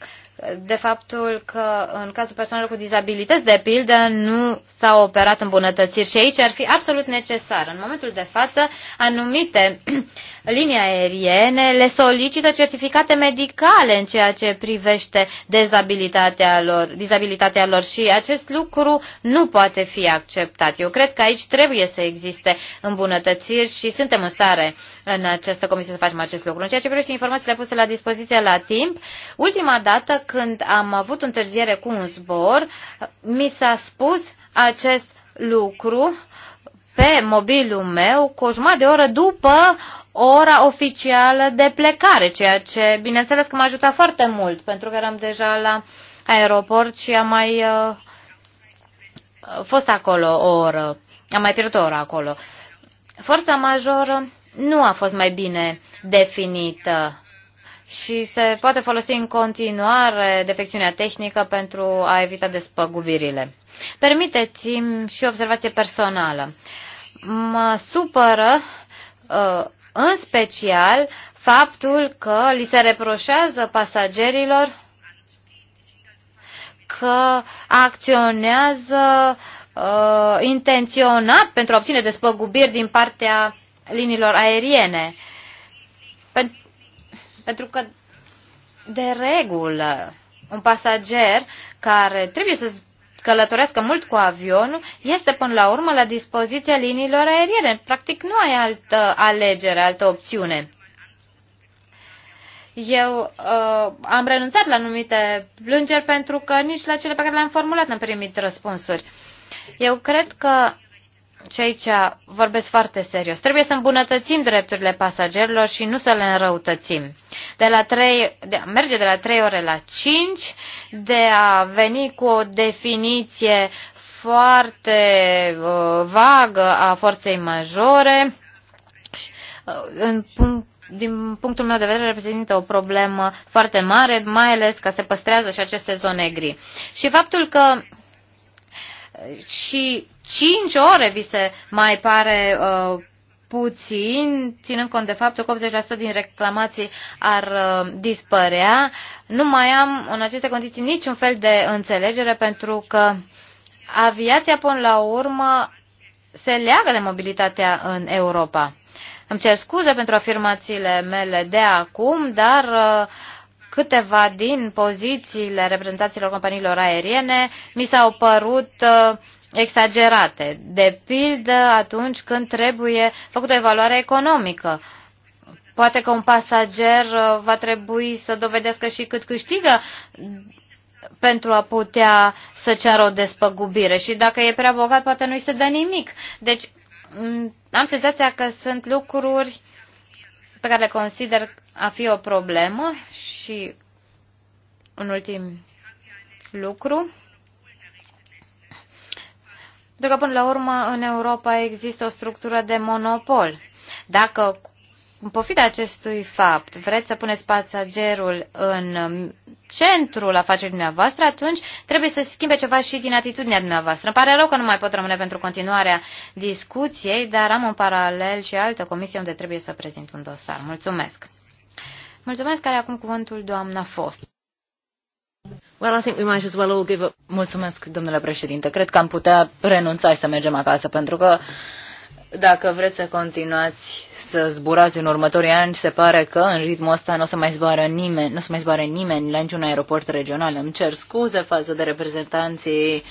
de faptul că în cazul persoanelor cu dizabilități, de pildă, nu s-au operat îmbunătățiri și aici ar fi absolut necesar. În momentul de față, anumite linii aeriene le solicită certificate medicale în ceea ce privește dezabilitatea lor, dizabilitatea lor și acest lucru nu poate fi acceptat. Eu cred că aici trebuie să existe îmbunătățiri și suntem în stare în această comisie să facem acest lucru. În ceea ce privește informațiile puse la dispoziție la timp, ultima dată când am avut întârziere cu un zbor, mi s-a spus acest lucru pe mobilul meu cu o jumătate de oră după ora oficială de plecare, ceea ce bineînțeles că m-a ajutat foarte mult, pentru că eram deja la aeroport și am mai uh, fost acolo o oră, am mai pierdut o oră acolo. Forța majoră nu a fost mai bine definită și se poate folosi în continuare defecțiunea tehnică pentru a evita despăgubirile. Permiteți-mi și observație personală. Mă supără uh, în special faptul că li se reproșează pasagerilor că acționează uh, intenționat pentru a obține despăgubiri din partea liniilor aeriene. Pe pentru că, de regulă, un pasager care trebuie să călătorească mult cu avionul, este până la urmă la dispoziția liniilor aeriene. Practic nu ai altă alegere, altă opțiune. Eu uh, am renunțat la anumite plângeri pentru că nici la cele pe care le-am formulat n-am primit răspunsuri. Eu cred că și aici vorbesc foarte serios. Trebuie să îmbunătățim drepturile pasagerilor și nu să le înrăutățim. De la 3, de a merge de la 3 ore la 5, de a veni cu o definiție foarte uh, vagă a forței majore, uh, în punct din punctul meu de vedere, reprezintă o problemă foarte mare, mai ales că se păstrează și aceste zone gri. Și faptul că și 5 ore vi se mai pare uh, puțin, ținând cont de faptul că 80% din reclamații ar uh, dispărea. Nu mai am în aceste condiții niciun fel de înțelegere pentru că aviația până la urmă se leagă de mobilitatea în Europa. Îmi cer scuze pentru afirmațiile mele de acum, dar uh, câteva din pozițiile reprezentanților companiilor aeriene mi s-au părut uh, exagerate. De pildă atunci când trebuie făcută o evaluare economică. Poate că un pasager uh, va trebui să dovedească și cât câștigă pentru a putea să ceară o despăgubire și dacă e prea bogat poate nu-i se dă nimic. Deci am senzația că sunt lucruri pe care le consider a fi o problemă și un ultim lucru. Pentru că, până la urmă, în Europa există o structură de monopol. Dacă, în pofida acestui fapt, vreți să puneți pasagerul în centrul afacerii dumneavoastră, atunci trebuie să schimbe ceva și din atitudinea dumneavoastră. Îmi pare rău că nu mai pot rămâne pentru continuarea discuției, dar am în paralel și altă comisie unde trebuie să prezint un dosar. Mulțumesc! Mulțumesc, care acum cuvântul doamna Fost. Well, I think we might as well all give up. Mulțumesc, domnule președinte. Cred că am putea renunța și să mergem acasă, pentru că dacă vreți să continuați să zburați în următorii ani, se pare că în ritmul ăsta nu o să mai zboară nimeni, nu o să mai zboare nimeni la niciun aeroport regional. Îmi cer scuze față de reprezentanții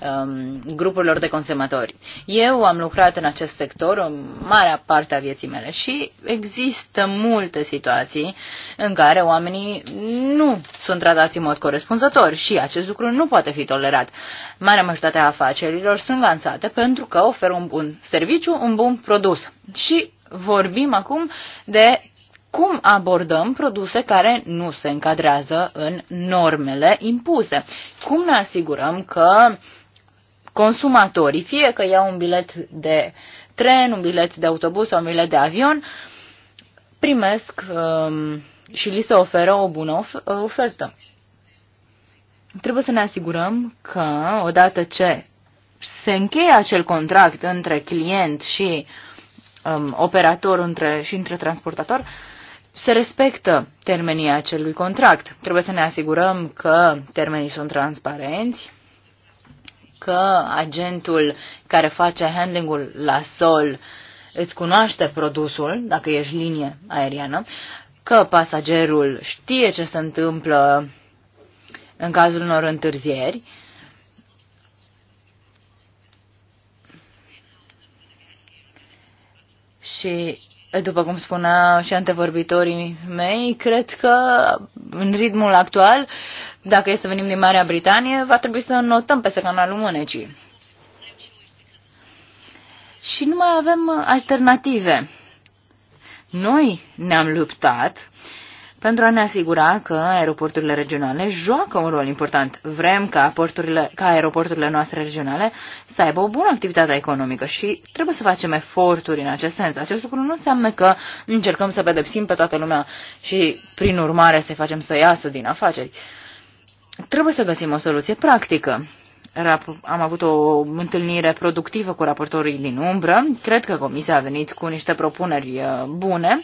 um, grupurilor de consumatori. Eu am lucrat în acest sector o mare parte a vieții mele și există multe situații în care oamenii nu sunt tratați în mod corespunzător și acest lucru nu poate fi tolerat. Marea majoritate a afacerilor sunt lansate pentru că oferă un bun serviciu, un bun produs. Și vorbim acum de cum abordăm produse care nu se încadrează în normele impuse. Cum ne asigurăm că consumatorii, fie că iau un bilet de tren, un bilet de autobuz sau un bilet de avion, primesc um, și li se oferă o bună of- ofertă. Trebuie să ne asigurăm că, odată ce se încheie acel contract între client și um, operator între, și între transportator, se respectă termenii acelui contract. Trebuie să ne asigurăm că termenii sunt transparenți, că agentul care face handlingul la sol îți cunoaște produsul, dacă ești linie aeriană, că pasagerul știe ce se întâmplă în cazul unor întârzieri, Și, după cum spunea și antevorbitorii mei, cred că în ritmul actual, dacă e să venim din Marea Britanie, va trebui să notăm peste canalul Mânecii. Și nu mai avem alternative. Noi ne-am luptat uh, pentru a ne asigura că aeroporturile regionale joacă un rol important. Vrem ca, porturile, ca aeroporturile noastre regionale să aibă o bună activitate economică și trebuie să facem eforturi în acest sens. Acest lucru nu înseamnă că încercăm să pedepsim pe toată lumea și, prin urmare, să facem să iasă din afaceri. Trebuie să găsim o soluție practică am avut o întâlnire productivă cu raportorii din umbră. Cred că comisia a venit cu niște propuneri uh, bune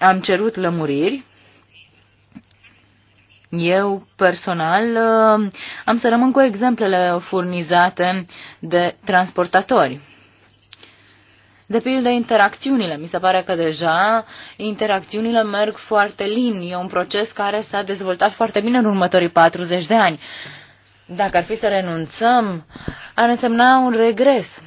am cerut lămuriri. Eu, personal, uh, am să rămân cu exemplele furnizate de transportatori. De pildă, interacțiunile. Mi se pare că deja interacțiunile merg foarte lin. E un proces care s-a dezvoltat foarte bine în următorii 40 de ani. Dacă ar fi să renunțăm, ar însemna un regres.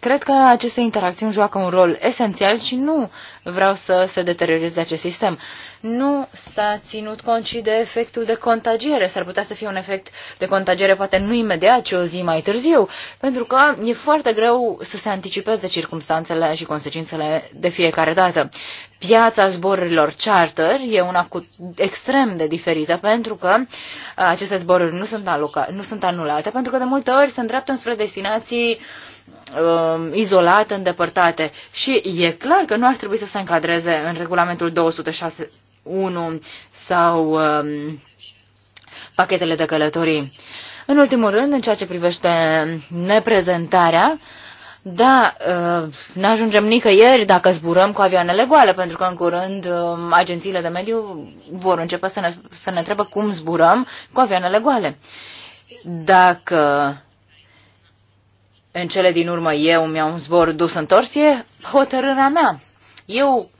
Cred că aceste interacțiuni joacă un rol esențial și nu vreau să se deterioreze acest sistem nu s-a ținut cont și de efectul de contagiere. S-ar putea să fie un efect de contagiere poate nu imediat, ci o zi mai târziu, pentru că e foarte greu să se anticipeze circumstanțele și consecințele de fiecare dată. Piața zborurilor charter e una cu extrem de diferită pentru că uh, aceste zboruri nu sunt, aluca, nu sunt anulate, pentru că de multe ori se îndreaptă spre destinații um, izolate, îndepărtate. Și e clar că nu ar trebui să se încadreze în regulamentul 206 1 sau um, pachetele de călătorii. În ultimul rând, în ceea ce privește neprezentarea, da, uh, ne ajungem nicăieri dacă zburăm cu avioanele goale, pentru că în curând um, agențiile de mediu vor începe să ne, să ne întrebă cum zburăm cu avioanele goale. Dacă în cele din urmă eu mi-am zbor dus întors, e hotărârea mea eu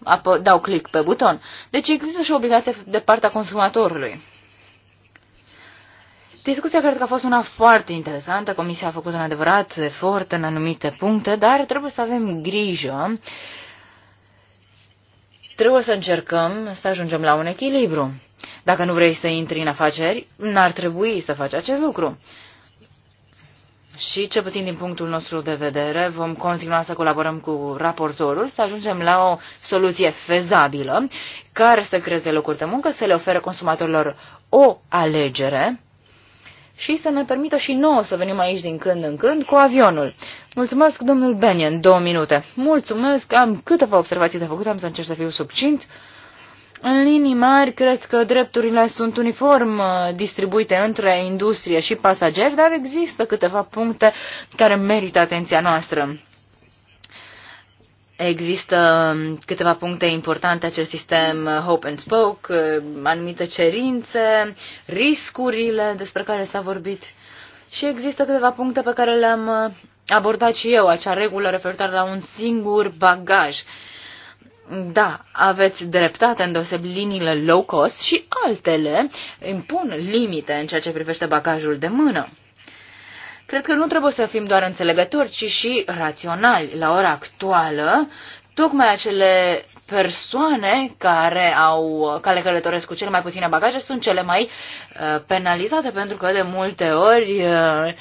dau click pe buton. Deci există și o obligație de partea consumatorului. Discuția cred că a fost una foarte interesantă. Comisia a făcut un adevărat efort în anumite puncte, dar trebuie să avem grijă. Trebuie să încercăm să ajungem la un echilibru. Dacă nu vrei să intri în afaceri, n-ar trebui să faci acest lucru și, ce puțin din punctul nostru de vedere, vom continua să colaborăm cu raportorul, să ajungem la o soluție fezabilă care să creeze locuri de muncă, să le ofere consumatorilor o alegere și să ne permită și nouă să venim aici din când în când cu avionul. Mulțumesc, domnul Benion, două minute. Mulțumesc, am câteva observații de făcut, am să încerc să fiu subcint. În linii mari, cred că drepturile sunt uniform uh, distribuite între industrie și pasageri, dar există câteva puncte care merită atenția noastră. Există um, câteva puncte importante acest sistem uh, Hope and Spoke, uh, anumite cerințe, riscurile despre care s-a vorbit și există câteva puncte pe care le-am abordat și eu, acea regulă referitoare la un singur bagaj. Uh, da, aveți dreptate în deoseb liniile low cost și altele impun limite în ceea ce privește bagajul de mână. Cred că nu trebuie să fim doar înțelegători, ci și raționali. La ora actuală, tocmai acele persoane care au care călătoresc cu cele mai puține bagaje sunt cele mai uh, penalizate pentru că de multe ori uh,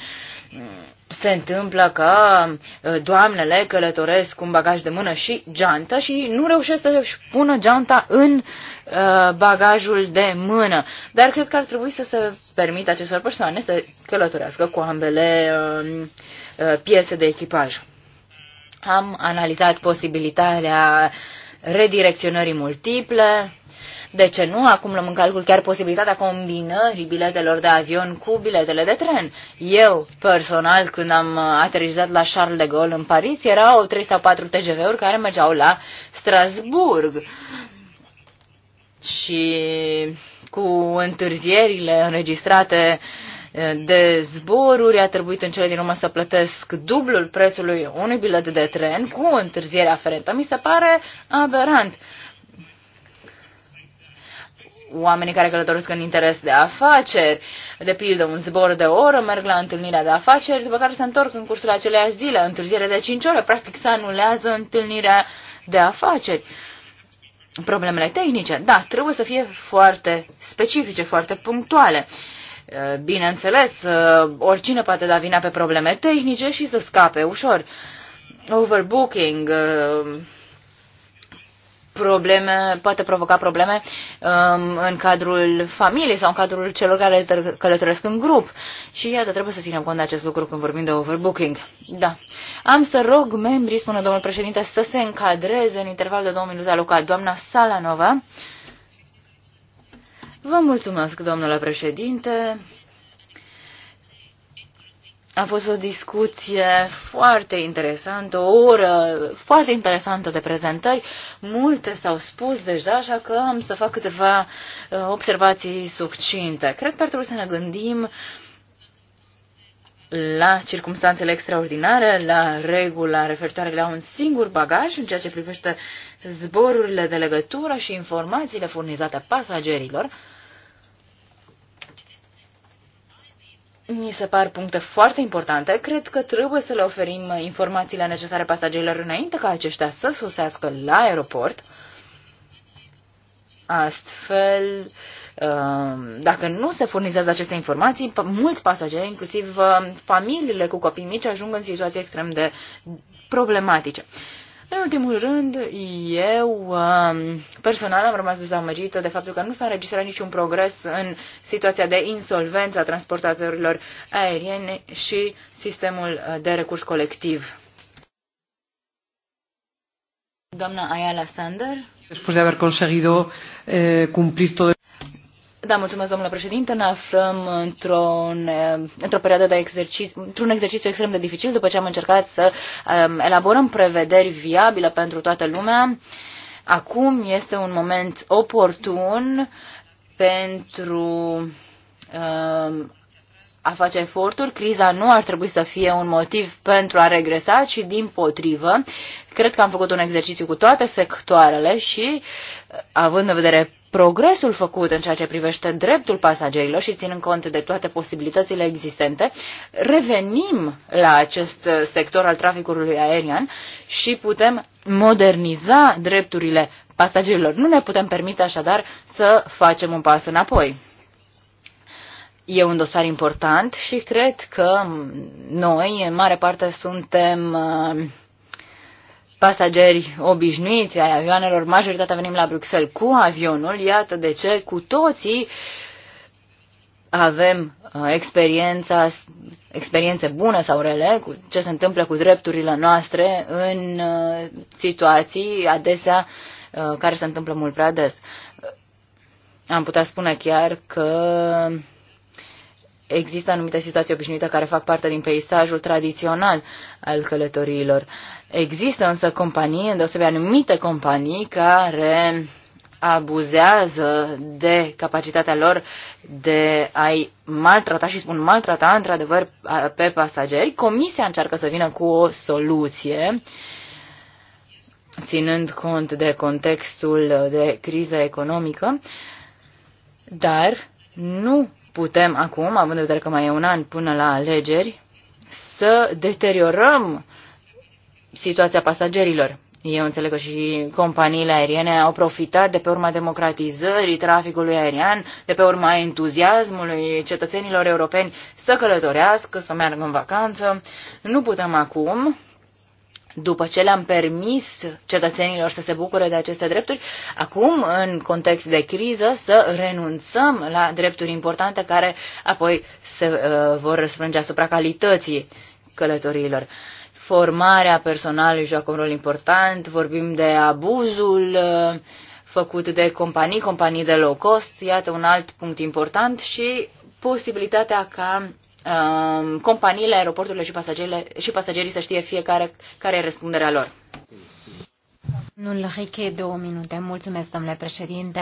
se întâmplă că uh, doamnele călătoresc cu un bagaj de mână și geantă și nu reușesc să-și pună geanta în uh, bagajul de mână. Dar cred că ar trebui să se permită acestor persoane să călătorească cu ambele um, uh, piese de echipaj. Am analizat posibilitatea redirecționării multiple, de ce nu? Acum luăm în calcul chiar posibilitatea combinării biletelor de avion cu biletele de tren. Eu, personal, când am aterizat la Charles de Gaulle în Paris, erau 304 TGV-uri care mergeau la Strasburg. Și cu întârzierile înregistrate eh, de zboruri, a trebuit în cele din urmă să plătesc dublul prețului unui bilet de tren cu întârziere aferentă. Mi se pare aberant oamenii care călătoresc în interes de afaceri, de pildă un zbor de o oră, merg la întâlnirea de afaceri, după care se întorc în cursul aceleiași zile, întârziere de 5 ore, practic se anulează întâlnirea de afaceri. Problemele tehnice, da, trebuie să fie foarte specifice, foarte punctuale. Eh, bineînțeles, eh, oricine poate da vina pe probleme tehnice și să scape ușor. Overbooking, eh, probleme, poate provoca probleme um, în cadrul familiei sau în cadrul celor care călătoresc în grup. Și iată, trebuie să ținem cont de acest lucru când vorbim de overbooking. Da. Am să rog membrii, spune domnul președinte, să se încadreze în interval de două minute alocat. Doamna Salanova. Vă mulțumesc, domnule președinte. A fost o discuție foarte interesantă, o oră foarte interesantă de prezentări. Multe s-au spus deja, așa că am să fac câteva uh, observații succinte. Cred că ar trebui să ne gândim la circumstanțele extraordinare, la regula referitoare la un singur bagaj în ceea ce privește zborurile de legătură și informațiile furnizate pasagerilor, Mi se par puncte foarte importante. Cred că trebuie să le oferim informațiile necesare pasagerilor înainte ca aceștia să sosească la aeroport. Astfel, um, dacă nu se furnizează aceste informații, mulți pasageri, inclusiv um, familiile cu copii mici, ajung în situații extrem de problematice. În ultimul rând, eu um, personal am rămas dezamăgită de faptul că nu s-a înregistrat niciun progres în situația de insolvență a transportatorilor aeriene și sistemul uh, de recurs colectiv. Doamna Ayala Sander. Después de haber conseguido eh, cumplir todo da, mulțumesc, domnule președinte. Ne aflăm într o eh, într-o perioadă de exercițiu, într-un exercițiu extrem de dificil după ce am încercat să um, elaborăm prevederi viabile pentru toată lumea. Acum este un moment oportun pentru um, a face eforturi. Criza nu ar trebui să fie un motiv pentru a regresa, ci din potrivă. Cred că am făcut un exercițiu cu toate sectoarele și, având în vedere progresul făcut în ceea ce privește dreptul pasagerilor și ținând cont de toate posibilitățile existente, revenim la acest sector al traficului aerian și putem moderniza drepturile pasagerilor. Nu ne putem permite așadar să facem un pas înapoi. E un dosar important și cred că noi, în mare parte, suntem uh, pasageri obișnuiți ai avioanelor, majoritatea venim la Bruxelles cu avionul, iată de ce cu toții avem uh, experiența, experiențe bune sau rele cu ce se întâmplă cu drepturile noastre în uh, situații adesea uh, care se întâmplă mult prea des. Am putea spune chiar că există anumite situații obișnuite care fac parte din peisajul tradițional al călătoriilor. Există însă companii, îndeosebi anumite companii, care abuzează de capacitatea lor de a-i maltrata și spun maltrata într-adevăr pe pasageri. Comisia încearcă să vină cu o soluție ținând cont de contextul de criză economică, dar nu putem acum, având în vedere că mai e un an până la alegeri, să deteriorăm situația pasagerilor. Eu înțeleg că și companiile aeriene au profitat de pe urma democratizării traficului aerian, de pe urma entuziasmului cetățenilor europeni să călătorească, să meargă în vacanță. Nu putem acum, după ce le-am permis cetățenilor să se bucure de aceste drepturi, acum, în context de criză, să renunțăm la drepturi importante care apoi se uh, vor răsfrânge asupra calității călătoriilor. Uh, formarea personalului joacă un rol important, vorbim de abuzul uh, făcut de companii, companii de low cost, iată un alt punct important și posibilitatea ca um, companiile, aeroporturile și, pasagerile, și pasagerii să știe fiecare care e răspunderea lor. Domnul Riche, două minute. Mulțumesc, domnule președinte.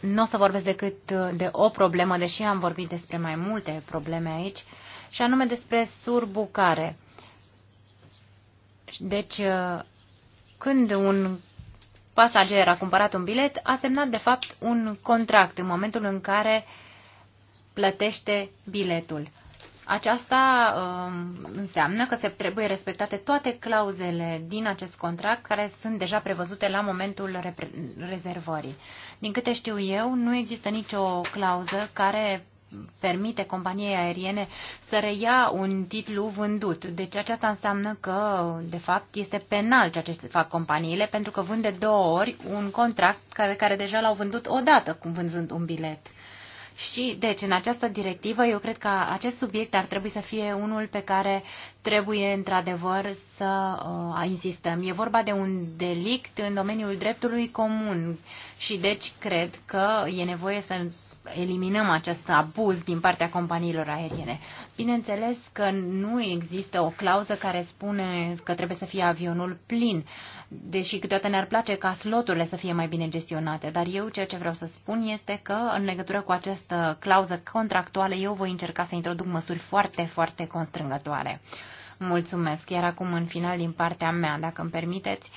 Nu o să vorbesc decât de o problemă, deși am vorbit despre mai multe probleme aici, și anume despre surbucare. Deci, uh, când un pasager a cumpărat un bilet, a semnat de fapt un contract în momentul în care plătește biletul. Aceasta um, înseamnă că se trebuie respectate toate clauzele din acest contract care sunt deja prevăzute la momentul rezervării. Din câte știu eu, nu există nicio clauză care permite companiei aeriene să reia un titlu vândut. Deci aceasta înseamnă că, de fapt, este penal ceea ce fac companiile, pentru că vând de două ori un contract care, care deja l-au vândut odată, cum vânzând un bilet. Și, deci, în această directivă, eu cred că acest subiect ar trebui să fie unul pe care trebuie, într-adevăr, să uh, insistăm. E vorba de un delict în domeniul dreptului comun și, deci, cred că e nevoie să eliminăm acest abuz din partea companiilor aeriene. Bineînțeles că nu există o clauză care spune că trebuie să fie avionul plin, deși câteodată ne-ar place ca sloturile să fie mai bine gestionate, dar eu ceea ce vreau să spun este că, în legătură cu acest această clauză contractuală, eu voi încerca să introduc măsuri foarte, foarte constrângătoare. Mulțumesc. Iar acum, în final, din partea mea, dacă îmi permiteți,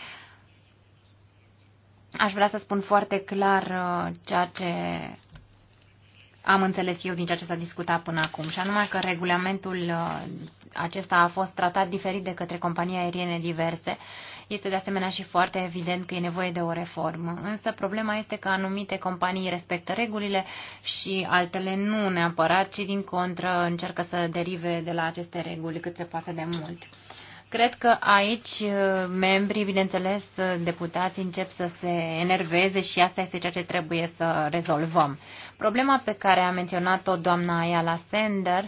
aș vrea să spun foarte clar uh, ceea ce am înțeles eu din ceea ce s-a discutat până acum, și anume că regulamentul uh, acesta a fost tratat diferit de către companii aeriene diverse este de asemenea și foarte evident că e nevoie de o reformă. Însă problema este că anumite companii respectă regulile și altele nu neapărat, ci din contră încearcă să derive de la aceste reguli cât se poate de mult. Cred că aici uh, membrii, bineînțeles, uh, deputații încep să se enerveze și asta este ceea ce trebuie să rezolvăm. Problema pe care a menționat-o doamna Ayala Sender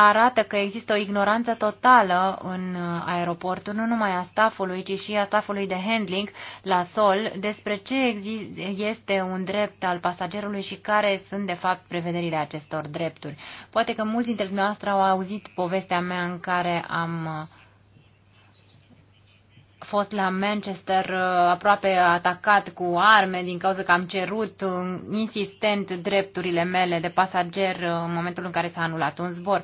arată că există o ignoranță totală în uh, aeroportul, nu numai a staffului, ci și a staffului de handling la sol, despre ce este un drept al pasagerului și care sunt, de fapt, prevederile acestor drepturi. Poate că mulți dintre dumneavoastră au auzit povestea mea în care am uh, fost la Manchester uh, aproape atacat cu arme din cauza că am cerut uh, insistent drepturile mele de pasager uh, în momentul în care s-a anulat un zbor.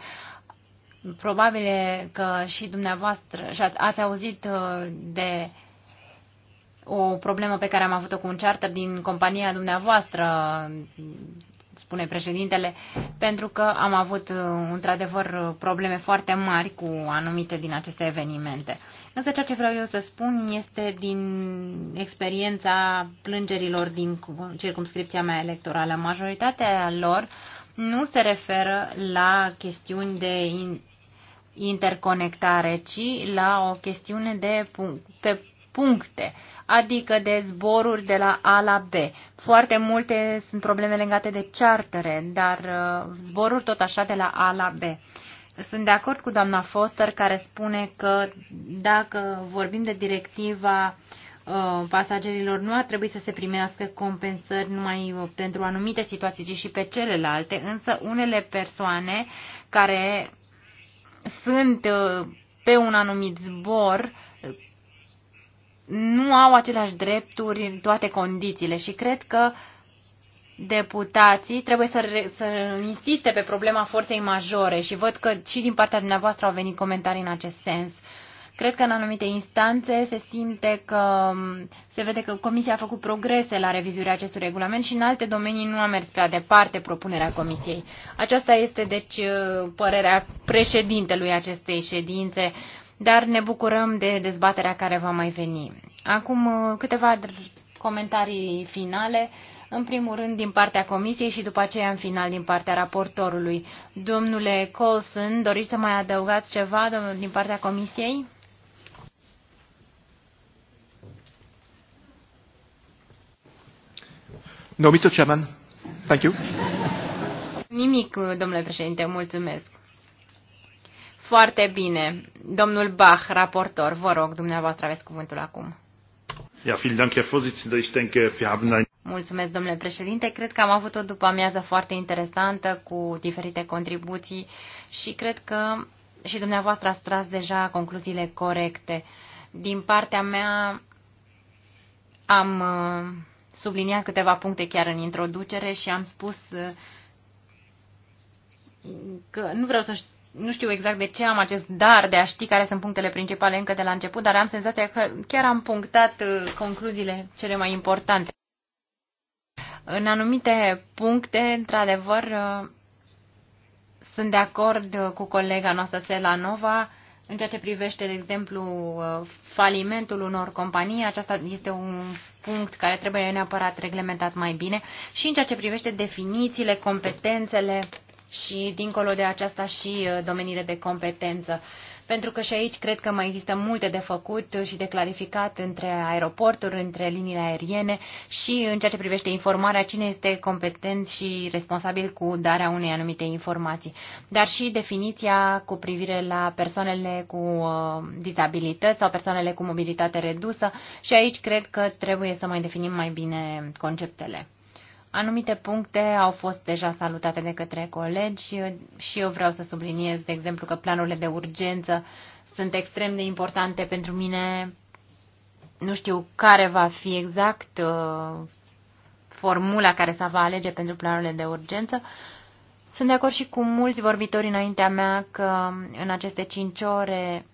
Probabil că și dumneavoastră și ați auzit de o problemă pe care am avut-o cu un charter din compania dumneavoastră, spune președintele, pentru că am avut într-adevăr probleme foarte mari cu anumite din aceste evenimente. Însă ceea ce vreau eu să spun este din experiența plângerilor din circumscripția mea electorală. Majoritatea lor nu se referă la chestiuni de interconectare, ci la o chestiune de pe puncte, adică de zboruri de la A la B. Foarte multe sunt probleme legate de chartere, dar uh, zboruri tot așa de la A la B. Sunt de acord cu doamna Foster care spune că dacă vorbim de directiva uh, pasagerilor nu ar trebui să se primească compensări numai uh, pentru anumite situații, ci și pe celelalte, însă unele persoane care sunt uh, pe un anumit zbor nu au aceleași drepturi în toate condițiile și cred că uh, deputații trebuie să, re, să insiste pe problema forței majore și văd că și din partea dumneavoastră au venit comentarii în acest sens. Cred că în anumite instanțe se simte că mm, se vede că Comisia a făcut progrese la revizuirea acestui regulament și în alte domenii nu a mers prea departe propunerea Comisiei. Aceasta este deci uh, părerea președintelui acestei ședințe, dar ne bucurăm de dezbaterea care va mai veni. Acum uh, câteva comentarii finale în primul rând din partea comisiei și după aceea în final din partea raportorului. Domnule Colson, doriți să mai adăugați ceva domnul din partea comisiei? No, Mr. Chairman. Thank you. Nimic, domnule președinte, mulțumesc. Foarte bine. Domnul Bach, raportor, vă rog, dumneavoastră aveți cuvântul acum. Ja, vielen Dank, Herr Vorsitzender. Ich denke, wir haben ein Mulțumesc, domnule președinte. Cred că am avut o după amiază foarte interesantă cu diferite contribuții și cred că și dumneavoastră ați tras deja concluziile corecte. Din partea mea am uh, subliniat câteva puncte chiar în introducere și am spus uh, că nu vreau să știu nu știu exact de ce am acest dar de a ști care sunt punctele principale încă de la început, dar am senzația că chiar am punctat uh, concluziile cele mai importante. În anumite puncte, într-adevăr, uh, sunt de acord uh, cu colega noastră Nova, în ceea ce privește, de exemplu, uh, falimentul unor companii. Aceasta este un punct care trebuie neapărat reglementat mai bine și în ceea ce privește definițiile, competențele și, dincolo de aceasta, și domeniile de competență pentru că și aici cred că mai există multe de făcut și de clarificat între aeroporturi, între liniile aeriene și în ceea ce privește informarea, cine este competent și responsabil cu darea unei anumite informații, dar și definiția cu privire la persoanele cu uh, dizabilități sau persoanele cu mobilitate redusă și aici cred că trebuie să mai definim mai bine conceptele. Anumite puncte au fost deja salutate de către colegi și eu vreau să subliniez, de exemplu, că planurile de urgență sunt extrem de importante pentru mine. Nu știu care va fi exact uh, formula care să va alege pentru planurile de urgență. Sunt de acord și cu mulți vorbitori înaintea mea că în aceste cinci ore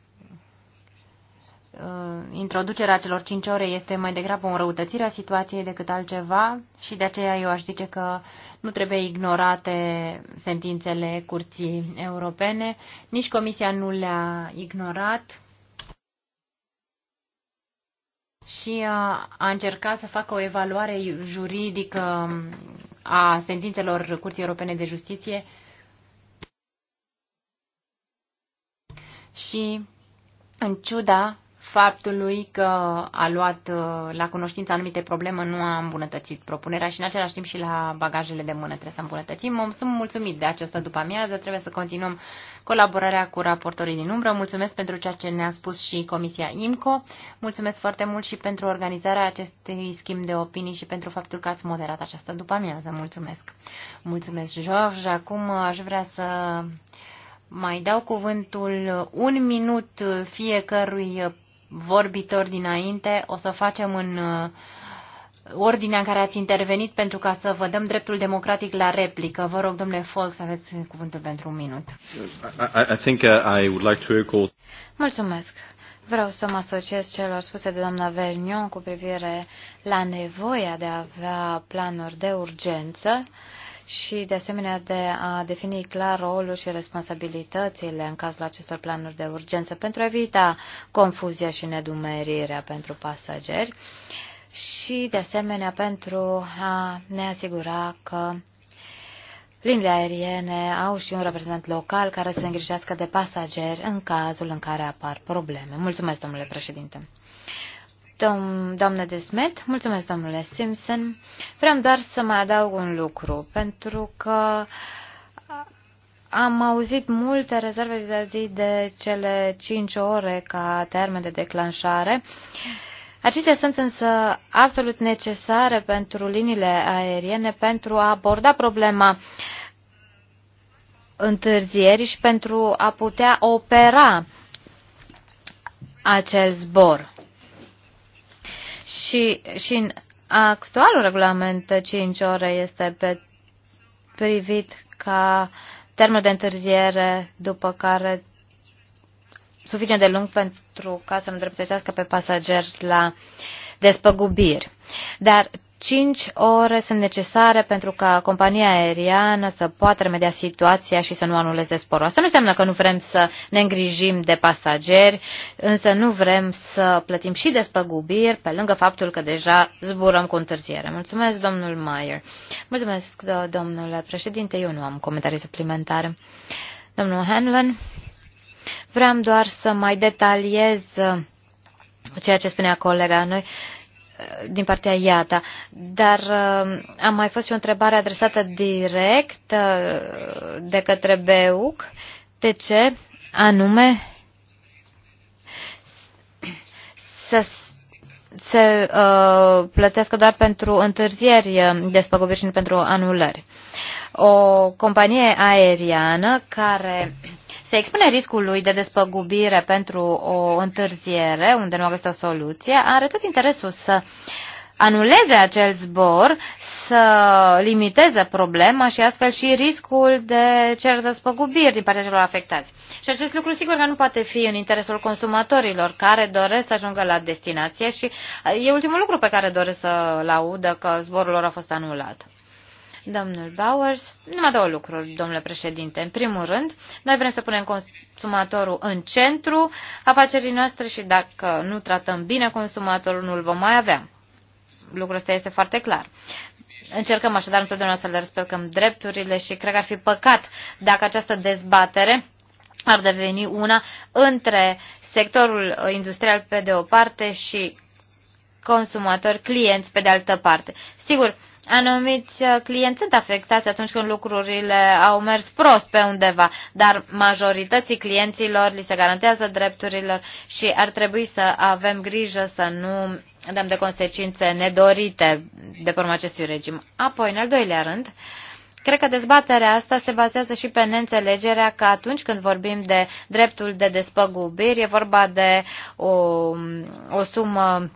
Uh, introducerea celor 5 ore este mai degrabă o înrăutățire a situației decât altceva și de aceea eu aș zice că nu trebuie ignorate sentințele curții europene. Nici Comisia nu le-a ignorat și uh, a încercat să facă o evaluare juridică a sentințelor Curții Europene de Justiție și în ciuda faptului că a luat uh, la cunoștință anumite probleme nu a îmbunătățit propunerea și în același timp și la bagajele de mână trebuie să îmbunătățim. Sunt mulțumit de această după amiază, trebuie să continuăm colaborarea cu raportorii din umbră. Mulțumesc pentru ceea ce ne-a spus și Comisia IMCO. Mulțumesc foarte mult și pentru organizarea acestui schimb de opinii și pentru faptul că ați moderat această după amiază. Mulțumesc! Mulțumesc, George. Acum uh, aș vrea să mai dau cuvântul un minut fiecărui vorbitori dinainte. O să facem în uh, ordinea în care ați intervenit pentru ca să vă dăm dreptul democratic la replică. Vă rog, domnule Folk, să aveți cuvântul pentru un minut. I, I think uh, I would like to echo... Mulțumesc. Vreau să mă asociez celor spuse de doamna Vernion cu privire la nevoia de a avea planuri de urgență. Uh, și, de asemenea, de a defini clar rolul și responsabilitățile în cazul acestor planuri de urgență pentru a evita confuzia și nedumerirea pentru pasageri și, de asemenea, pentru a ne asigura că liniile aeriene au și un reprezentant local care să îngrijească de pasageri în cazul în care apar probleme. Mulțumesc, domnule președinte! Dom doamnă Desmet, mulțumesc domnule Simpson. Vreau doar să mai adaug un lucru, pentru că am auzit multe rezerve de zi de cele 5 ore ca termen de declanșare. Acestea sunt însă absolut necesare pentru liniile aeriene pentru a aborda problema întârzierii, și pentru a putea opera acel zbor. Și, și în actualul regulament 5 ore este pe, privit ca termenul de întârziere după care suficient de lung pentru ca să nu dreptățească pe pasager la despăgubiri. Dar 5 ore sunt necesare pentru ca compania aeriană să poată remedia situația și să nu anuleze sporul. Asta nu înseamnă că nu vrem să ne îngrijim de pasageri, însă nu vrem să plătim și despăgubiri, pe lângă faptul că deja zburăm cu întârziere. Mulțumesc, domnul Mayer. Mulțumesc, domnule președinte. Eu nu am comentarii suplimentare. Domnul Hanlon, vreau doar să mai detaliez ceea ce spunea colega. Noi din partea IATA. Dar uh, a mai fost și o întrebare adresată direct uh, de către BEUC. De ce anume să se uh, plătească doar pentru întârzieri uh, spăgubiri și nu pentru anulări. O companie aeriană care se expune riscului de despăgubire pentru o întârziere, unde nu este o soluție, are tot interesul să anuleze acel zbor, să limiteze problema și astfel și riscul de cer despăgubiri din partea celor afectați. Și acest lucru sigur că nu poate fi în interesul consumatorilor care doresc să ajungă la destinație și e ultimul lucru pe care doresc să-l audă că zborul lor a fost anulat domnul Bowers. Numai două lucruri, domnule președinte. În primul rând, noi vrem să punem consumatorul în centru afacerii noastre și dacă nu tratăm bine consumatorul, nu-l vom mai avea. Lucrul ăsta este foarte clar. Încercăm așadar întotdeauna să le respectăm drepturile și cred că ar fi păcat dacă această dezbatere ar deveni una între sectorul industrial pe de o parte și consumatori, clienți pe de altă parte. Sigur, anumiți uh, clienți sunt afectați atunci când lucrurile au mers prost pe undeva, dar majorității clienților li se garantează drepturile și ar trebui să avem grijă să nu dăm de consecințe nedorite de pe urma acestui regim. Apoi, în al doilea rând, Cred că dezbaterea asta se bazează și pe neînțelegerea că atunci când vorbim de dreptul de despăgubiri, e vorba de o, o sumă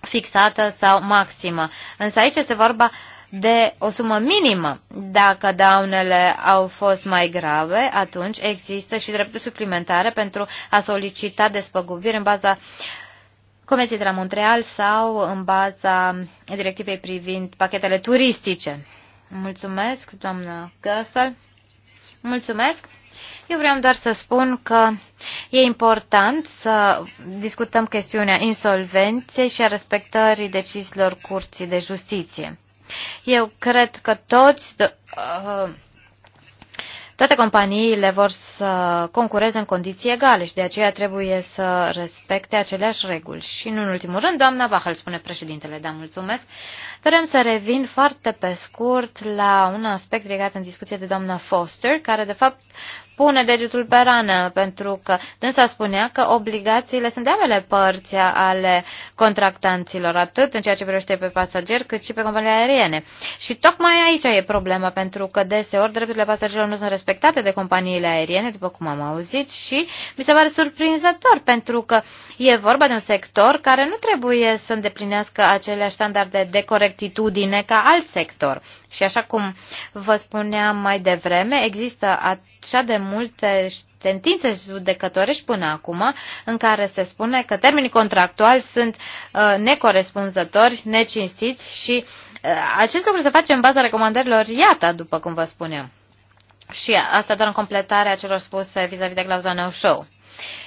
fixată sau maximă. Însă aici este vorba de o sumă minimă. Dacă daunele au fost mai grave, atunci există și drepturi suplimentare pentru a solicita despăgubiri în baza Convenției de la Montreal sau în baza directivei privind pachetele turistice. Mulțumesc, doamnă Găsăl. Mulțumesc. Eu vreau doar să spun că e important să discutăm chestiunea insolvenței și a respectării deciziilor Curții de Justiție. Eu cred că toți, uh, toate companiile vor să concureze în condiții egale și de aceea trebuie să respecte aceleași reguli. Și nu în ultimul rând, doamna Vahel, spune președintele, da, mulțumesc. Dorem să revin foarte pe scurt la un aspect legat în discuție de doamna Foster, care de fapt pune degetul pe rană, pentru că dânsa spunea că obligațiile sunt de ambele părți ale contractanților, atât în ceea ce privește pe pasageri, cât și pe companiile aeriene. Și tocmai aici e problema, pentru că deseori drepturile pasagerilor nu sunt respectate de companiile aeriene, după cum am auzit, și mi se pare surprinzător, pentru că e vorba de un sector care nu trebuie să îndeplinească aceleași standarde de corectitudine ca alt sector. Și așa cum vă spuneam mai devreme, există așa de multe sentințe judecătorești până acum în care se spune că termenii contractuali sunt uh, necorespunzători, necinstiți și uh, acest lucru se face în baza recomandărilor IATA, după cum vă spuneam. Și asta doar în completarea celor spuse vis-a-vis -vis de clauza no show.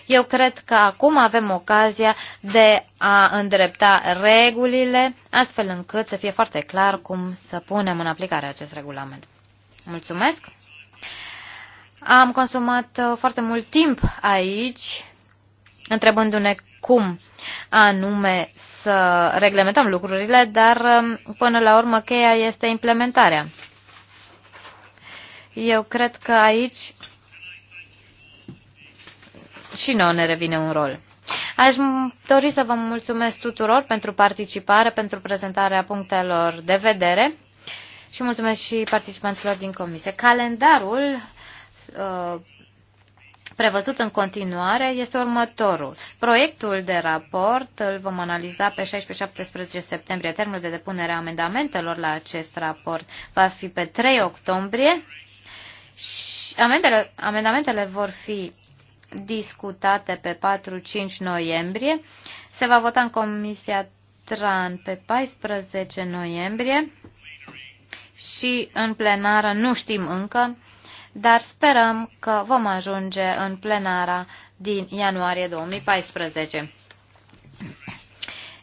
Eu cred că acum avem ocazia de a îndrepta regulile, astfel încât să fie foarte clar cum să punem în aplicare acest regulament. Mulțumesc! Am consumat uh, foarte mult timp aici, întrebându-ne cum anume să reglementăm lucrurile, dar um, până la urmă cheia este implementarea. Eu cred că aici și nouă ne revine un rol. Aș dori să vă mulțumesc tuturor pentru participare, pentru prezentarea punctelor de vedere și mulțumesc și participanților din comisie. Calendarul uh, prevăzut în continuare este următorul. Proiectul de raport îl vom analiza pe 16-17 septembrie. Termenul de depunere a amendamentelor la acest raport va fi pe 3 octombrie și amendele, amendamentele vor fi discutate pe 4-5 noiembrie. Se va vota în Comisia Tran pe 14 noiembrie și în plenară nu știm încă, dar sperăm că vom ajunge în plenara din ianuarie 2014.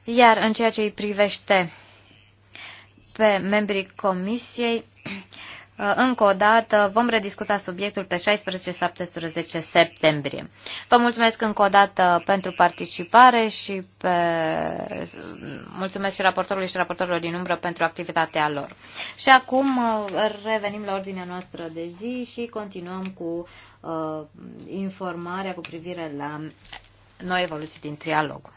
Iar în ceea ce îi privește pe membrii comisiei, Uh, încă o dată vom rediscuta subiectul pe 16-17 septembrie. Vă mulțumesc încă o dată pentru participare și pe... mulțumesc și raportorului și raportorilor din umbră pentru activitatea lor. Și acum uh, revenim la ordinea noastră de zi și continuăm cu uh, informarea cu privire la noi evoluții din trialog.